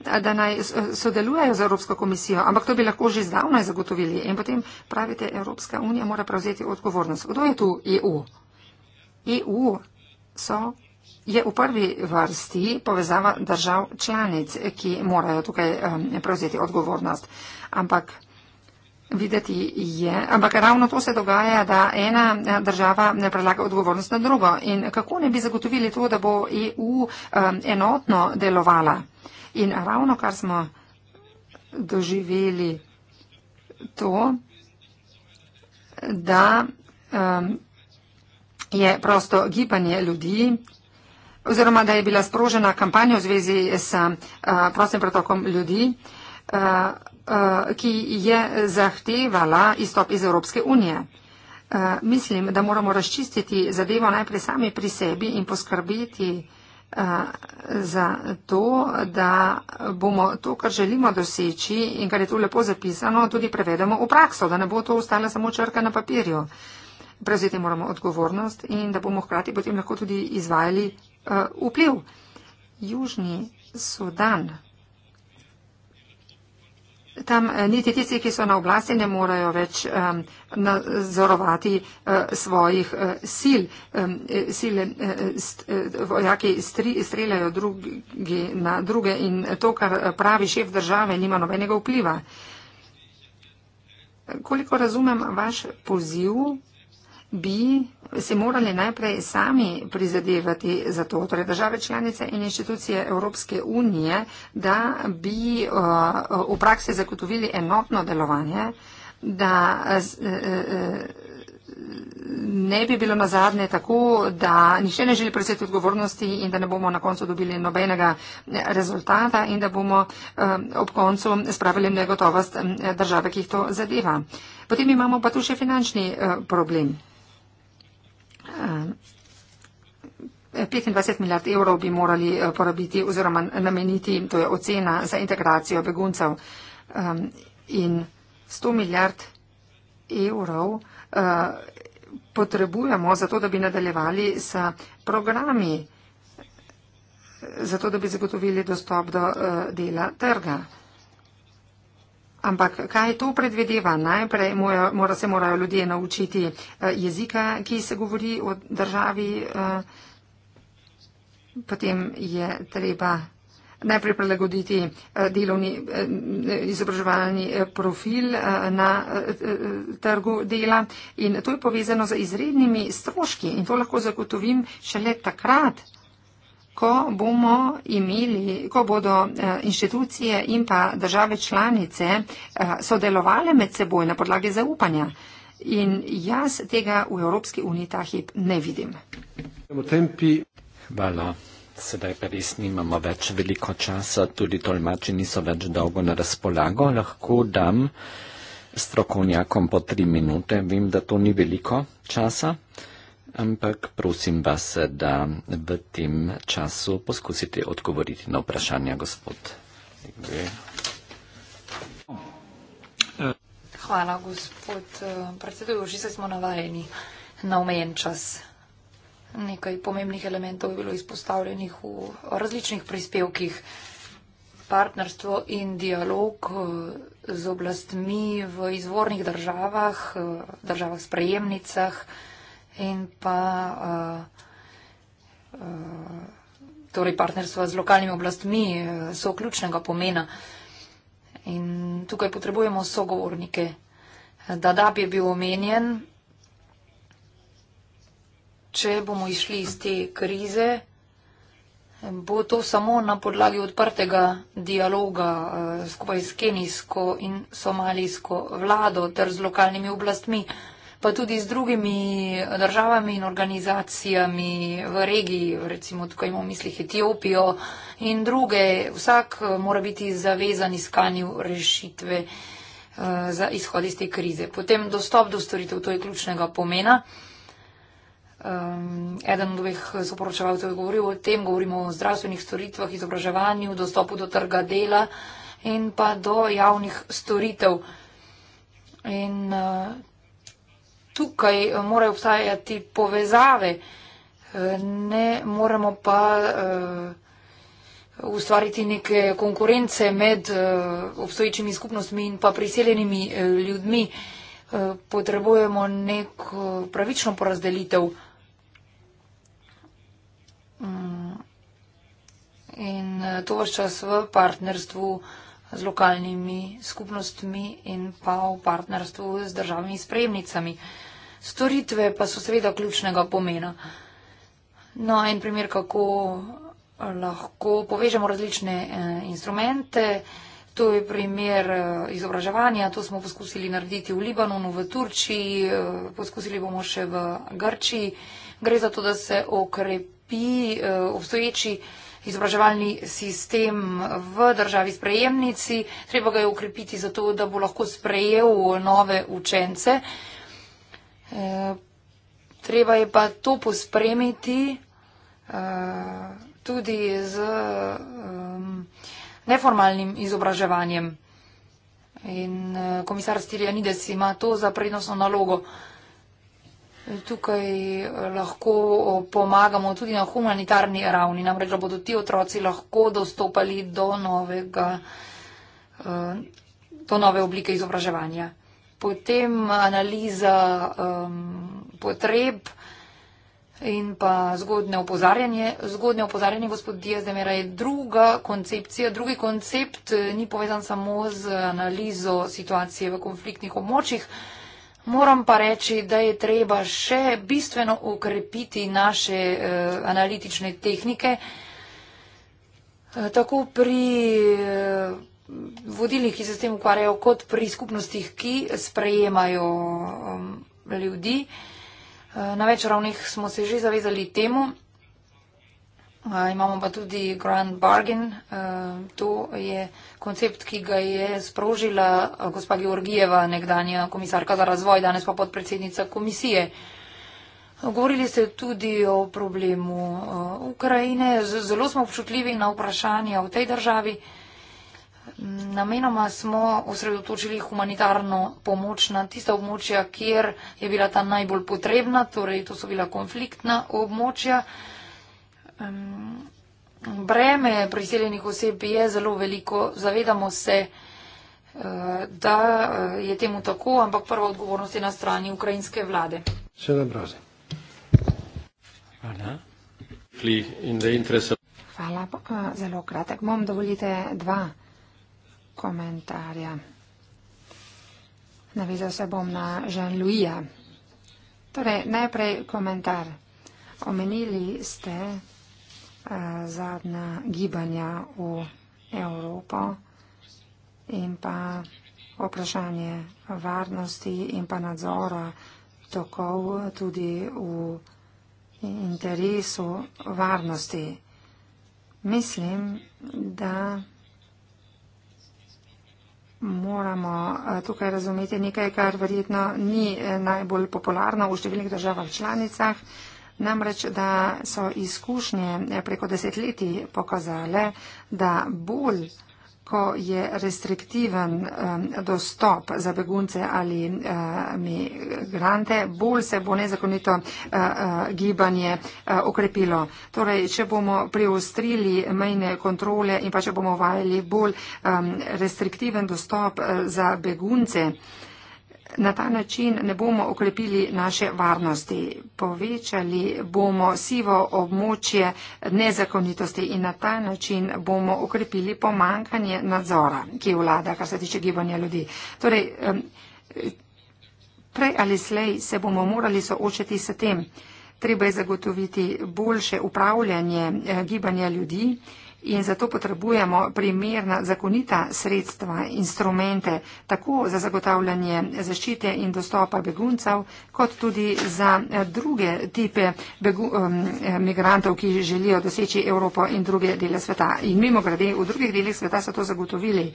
da naj sodelujejo z Evropsko komisijo, ampak to bi lahko že zdavnaj zagotovili. In potem pravite, Evropska unija mora prevzeti odgovornost. Kdo je tu EU? EU so, je v prvi vrsti povezava držav članic, ki morajo tukaj um, prevzeti odgovornost. Ampak videti je, ampak ravno to se dogaja, da ena eh, država ne prelaga odgovornost na drugo. In kako ne bi zagotovili to, da bo EU um, enotno delovala? In ravno kar smo doživeli to, da um, je prosto gibanje ljudi oziroma da je bila sprožena kampanja v zvezi s uh, prostim pretokom ljudi, uh, uh, ki je zahtevala izstop iz Evropske unije. Uh, mislim, da moramo razčistiti zadevo najprej sami pri sebi in poskrbeti uh, Eh, za to, da bomo to, kar želimo doseči in kar je tu lepo zapisano, tudi prevedemo v prakso, da ne bo to ostala samo črka na papirju. Prevzeti moramo odgovornost in da bomo hkrati potem lahko tudi izvajali uh, vpliv. Južni Sudan. Tam eh, niti tisti, ki so na oblasti, ne morejo več um, nadzorovati eh, svojih eh, sil. Eh, sile, vojaki streljajo drugi na druge in to, kar pravi šef države, nima nobenega vpliva. Koliko razumem vaš poziv, bi se morali najprej sami prizadevati za to, torej države članice in inštitucije Evropske unije, da bi uh, v praksi zagotovili enotno delovanje uh, da eh, eh, eh, ne bi bilo na zadnje tako, da nišče ne želi prevzeti odgovornosti in da ne bomo na koncu dobili nobenega rezultata in da bomo ob koncu spravili negotovost države, ki jih to zadeva. Potem imamo pa tu še finančni problem. 25 milijard evrov bi morali porabiti oziroma nameniti, to je ocena za integracijo beguncev in. 100 milijard evrov uh, potrebujemo za to, da bi nadaljevali s programi, za to, da bi zagotovili dostop do uh, dela trga. Ampak kaj to predvideva? Najprej mora, mora, se morajo ljudje naučiti uh, jezika, ki se govori v državi. Uh, potem je treba najprej prilagoditi eh, delovni eh, izobraževalni eh, profil na trgu dela in to je povezano z izrednimi stroški in to lahko zagotovim šele takrat, ko bomo imeli, ko bodo inštitucije in pa države članice sodelovali med seboj na podlagi zaupanja. In jaz tega v Evropski uniji ta hip ne vidim. Hvala sedaj pa res nimamo več veliko časa, tudi tolmači niso več dolgo na razpolago. Lahko dam strokovnjakom po tri minute. Vem, da to ni veliko časa, ampak prosim vas, da v tem času poskusite odgovoriti na vprašanja, gospod. Hvala, gospod eh, predsedujoči, saj smo navajeni na omejen čas nekaj pomembnih elementov je bilo izpostavljenih v različnih prispevkih. Partnerstvo in dialog eh, z oblastmi v izvornih državah, eh, državah sprejemnicah in pa eh, torej partnerstva z lokalnimi oblastmi so ključnega pomena. In tukaj potrebujemo sogovornike. Dadab je bil omenjen če bomo išli iz te krize, bo to samo na podlagi odprtega dialoga eh, skupaj s kenijsko in somalijsko vlado ter z lokalnimi oblastmi, pa tudi z drugimi državami in organizacijami v regiji, recimo tukaj imamo v mislih Etiopijo in druge. Vsak eh, mora biti zavezan iskanju rešitve eh, za izhod iz te krize. Potem dostop do storitev, to je ključnega pomena. Um, eden od dveh soporočevalcev je govoril o tem, govorimo o zdravstvenih storitvah, izobraževanju, dostopu do trga dela in pa do javnih storitev. In uh, tukaj eh, morajo obstajati povezave, eh, ne moremo pa uh, ustvariti neke konkurence med uh, obstoječimi skupnostmi in pa priseljenimi uh, ljudmi. Uh, potrebujemo neko pravično porazdelitev. in eh, to vse čas v partnerstvu z lokalnimi skupnostmi in pa v partnerstvu z državnimi spremnicami. Storitve pa so seveda ključnega pomena. No, en primer, kako lahko povežemo različne eh, instrumente, to je primer eh, izobraževanja, to smo poskusili narediti v Libanonu, v Turčiji, eh, poskusili bomo še v Grčiji. Gre za to, da se okrepi eh, obstoječi izobraževalni sistem v državi sprejemnici. Treba ga je ukrepiti zato, da bo lahko sprejel nove učence. E, treba je pa to pospremiti e, tudi z neformalnim izobraževanjem. In e, komisar Stiljanides ima to za prednostno nalogo. Tukaj eh, lahko eh, pomagamo tudi na humanitarni ravni, namreč da bodo ti otroci lahko dostopali do, novega, eh, do nove oblike izobraževanja. Potem analiza um, potreb in pa zgodne opozarjanje. Zgodne opozarjanje, gospod Diaz, demera je druga koncepcija. Drugi koncept ni povezan samo z analizo situacije v konfliktnih območjih, Moram pa reči, da je treba še bistveno ukrepiti naše uh, analitične tehnike, uh, tako pri uh, vodilnih, ki se s tem ukvarjajo, kot pri skupnostih, ki sprejemajo um, ljudi. Uh, na več ravnih smo se že zavezali temu. Imamo pa tudi Grand Bargain. To je koncept, ki ga je sprožila gospa Georgijeva, nekdanja komisarka za razvoj, danes pa podpredsednica komisije. Govorili ste tudi o problemu Ukrajine. Zelo smo občutljivi na vprašanje v tej državi. Namenoma smo osredotočili humanitarno pomoč na tista območja, kjer je bila ta najbolj potrebna, torej to so bila konfliktna območja um, breme priseljenih oseb je zelo veliko. Zavedamo se, uh, da eh, je temu tako, ampak prva odgovornost je na strani ukrajinske vlade. Še dobro. Hvala. Hvala, eh, zelo kratek. Mom, dovolite dva komentarja. Navezal se bom na Jean-Louis. Torej, najprej komentar. Omenili ste Eh, zadnja gibanja v Evropo in pa vprašanje varnosti in pa nadzora tokov tudi v interesu varnosti. Mislim, da moramo eh, tukaj razumeti nekaj, kar verjetno ni eh, najbolj popularno v številnih državah članicah. Namreč, da so izkušnje eh, preko desetletij pokazale, da bolj, ko je restriktiven eh, dostop za begunce ali eh, migrante, bolj se bo nezakonito gibanje okrepilo. Torej, če bomo priostrili mejne kontrole in pa če bomo vajali bolj restriktiven dostop za begunce, na ta način ne bomo okrepili naše varnosti. Povečali bomo sivo območje nezakonitosti in na ta način bomo okrepili pomankanje nadzora, ki je vlada, kar se tiče gibanja ljudi. Torej, prej ali slej se bomo morali soočiti s tem. Treba je zagotoviti boljše upravljanje eh, gibanja ljudi in zato potrebujemo primerna zakonita sredstva, instrumente, tako za zagotavljanje zaščite in dostopa beguncev, kot tudi za eh, druge tipe begu, um, migrantov, ki želijo doseči Evropo in druge dele sveta. In mimo grede, v drugih delih sveta so to zagotovili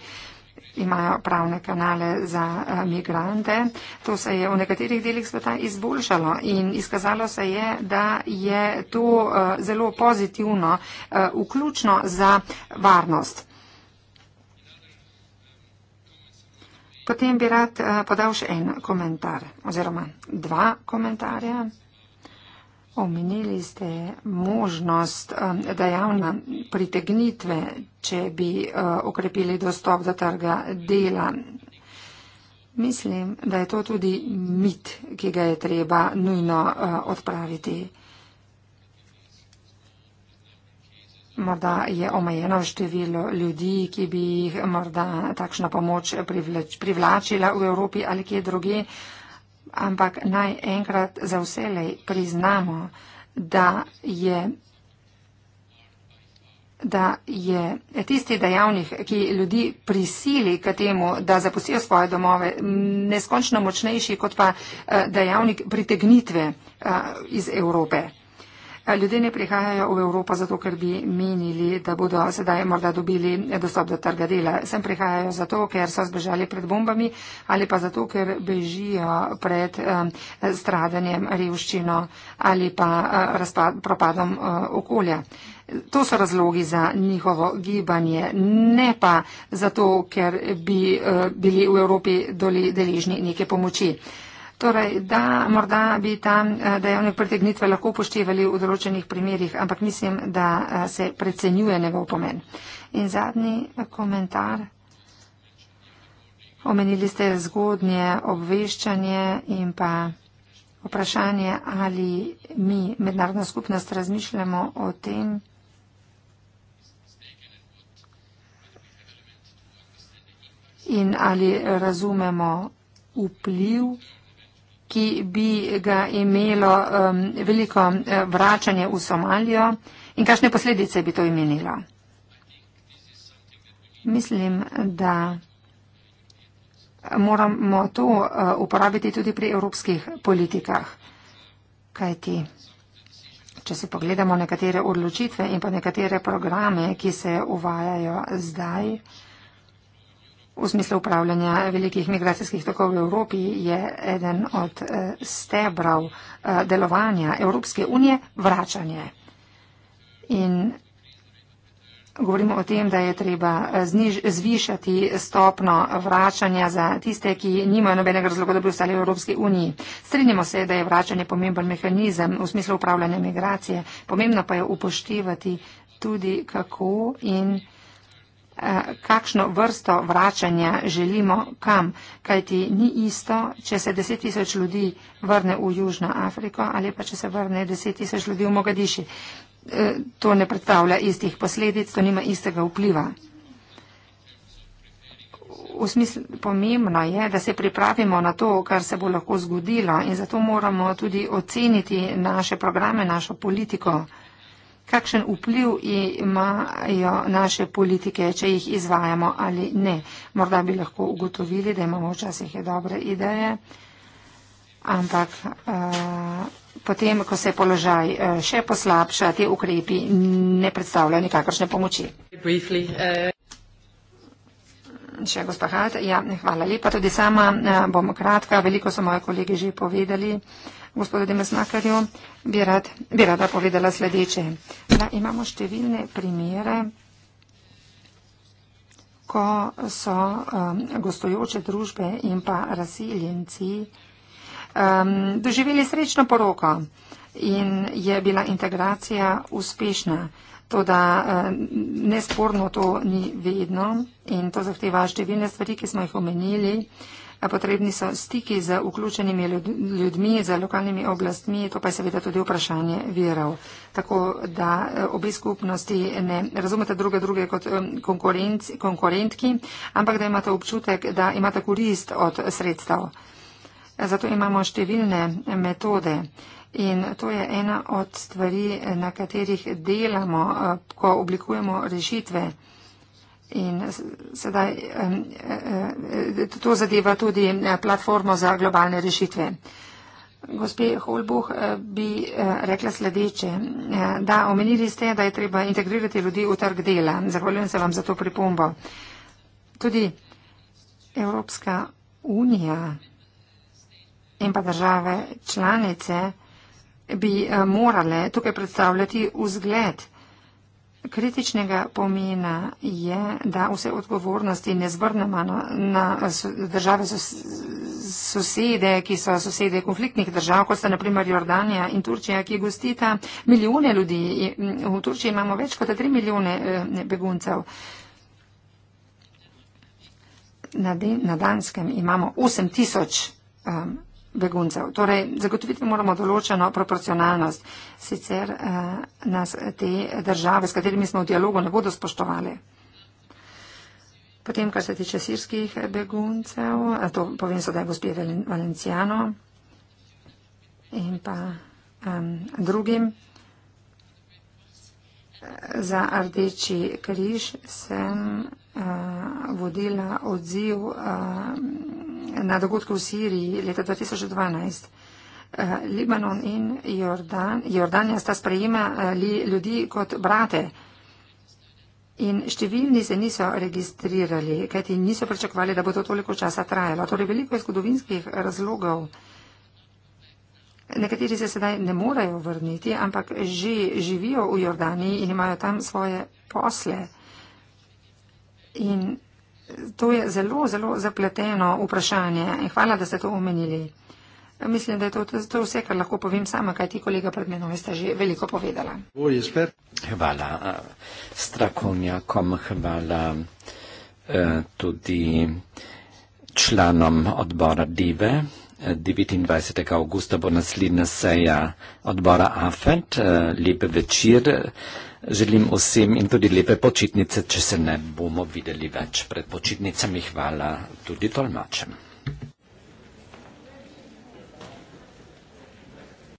imajo pravne kanale za eh, migrante. To se je v nekaterih delih sveta izboljšalo in izkazalo se je, da je to eh, zelo pozitivno, eh, vključno za varnost. Potem bi rad podal še en komentar oziroma dva komentarja. Omenili ste možnost eh, dejavna pritegnitve, če bi eh, okrepili dostop do trga dela. Mislim, da je to tudi mit, ki ga je treba nujno eh, odpraviti. Morda je omejeno število ljudi, ki bi jih morda takšna pomoč privlačila v Evropi ali kje drugi ampak naj enkrat za vselej priznamo, da je, da je tisti dejavnik, ki ljudi prisili k temu, da zapustijo svoje domove, neskončno močnejši kot pa eh, dejavnik pritegnitve eh, iz Evrope. Ljudje ne prihajajo v Evropo zato, ker bi menili, da bodo sedaj morda dobili dostop do trga dela. Sem prihajajo zato, ker so zbežali pred bombami ali pa zato, ker bežijo pred stradanjem, revščino ali pa eh, razpad, propadom eh, okolja. To so razlogi za njihovo gibanje, ne pa zato, ker bi eh, bili v Evropi doli deležni neke pomoči. Torej, da, morda bi tam eh, dejavne pritegnitve lahko upoštevali v določenih primerjih, ampak mislim, da eh, se precenjuje njegov pomen. In zadnji eh, komentar. Omenili ste zgodnje obveščanje in pa vprašanje, ali mi, mednarodna skupnost, razmišljamo o tem. In ali razumemo vpliv ki bi ga imelo um, veliko eh, vračanje v Somalijo in kakšne posledice bi to imenilo. Mislim, da moramo to eh, uporabiti tudi pri evropskih politikah, kajti če si pogledamo nekatere odločitve in pa nekatere programe, ki se uvajajo zdaj, v smislu upravljanja velikih migracijskih tokov v Evropi je eden od eh, stebrov eh, delovanja Evropske unije vračanje. In govorimo o tem, da je treba eh, zniž, zvišati stopno vračanja za tiste, ki nimajo nobenega razloga, da bi ostali v Evropski uniji. Strinjamo se, da je vračanje pomemben mehanizem v smislu upravljanja migracije. Pomembno pa je upoštevati tudi kako in kako kakšno vrsto vračanja želimo kam, kajti ni isto, če se deset tisoč ljudi vrne v Južno Afriko ali pa če se vrne deset tisoč ljudi v Mogadiši. E, to ne predstavlja istih posledic, to nima istega vpliva. V smislu pomembno je, da se pripravimo na to, kar se bo lahko zgodilo in zato moramo tudi oceniti naše programe, našo politiko kakšen vpliv imajo naše politike, če jih izvajamo ali ne. Morda bi lahko ugotovili, da imamo včasih dobre ideje, ampak eh, potem, ko se položaj eh, še poslabša, te ukrepi ne predstavljajo nikakršne pomoči. Eh. Še gospa Hat, ja, hvala lepa. Tudi sama bom kratka, veliko so moji kolegi že povedali gospodu Demesnakarju bi, rad, bi rada povedala sledeče. Da imamo številne primere, ko so um, gostujoče družbe in pa razseljenci um, doživeli srečno poroko in je bila integracija uspešna. Toda um, nesporno to ni vedno in to zahteva številne stvari, ki smo jih omenili. Uh, a potrebni so stiki z vključenimi ljudmi, z lokalnimi oblastmi, to pa je seveda tudi vprašanje virov. Tako da eh, obi skupnosti ne razumete druge druge kot eh, konkurentki, ampak da imate občutek, da imate korist od sredstev. Zato imamo številne metode. In to je ena od stvari, na katerih delamo, eh, ko oblikujemo rešitve. In sedaj e, e, to zadeva tudi platformo za globalne rešitve. Gospe Holbuh e, bi rekla sledeče, da omenili ste, da je treba integrirati ljudi v trg dela. Zahvaljujem se vam za to pripombo. Tudi Evropska unija in pa države članice bi morale tukaj predstavljati vzgled. Kritičnega pomena je, da vse odgovornosti ne zvrnemo na, na države sos, sosede, ki so sosede konfliktnih držav, kot sta naprimer Jordanija in Turčija, ki gostita milijone ljudi. V Turčiji imamo več kot tri milijone eh, beguncev. Na, de, na Danskem imamo 8 tisoč. Um, beguncev. Torej, zagotoviti moramo določeno proporcionalnost, sicer eh, nas te države, s katerimi smo v dialogu, ne bodo spoštovali. Potem, kar se tiče sirskih beguncev, to povem sedaj gospe Valenciano in pa eh, drugim. Za Rdeči križ sem eh, vodila odziv. Eh, na dogodku v Siriji leta 2012. Eh, Libanon in Jordan, Jordanija sta sprejemali ljudi kot brate in številni se niso registrirali, kajti niso pričakovali, da bo to toliko časa trajalo. Torej veliko je zgodovinskih razlogov. Nekateri se sedaj ne morejo vrniti, ampak že živijo v Jordaniji in imajo tam svoje posle. In To je zelo, zelo zapleteno vprašanje in hvala, da ste to omenili. Mislim, da je to, to vse, kar lahko povem sama, kaj ti kolega pred menoj ste že veliko povedala. Hvala strakovnjakom, hvala tudi članom odbora DIVE. 29. augusta bo naslednja seja odbora AFET, lep večer. Želim vsem in tudi lepe počitnice, če se ne bomo videli več pred počitnicami. Hvala tudi tolmačem.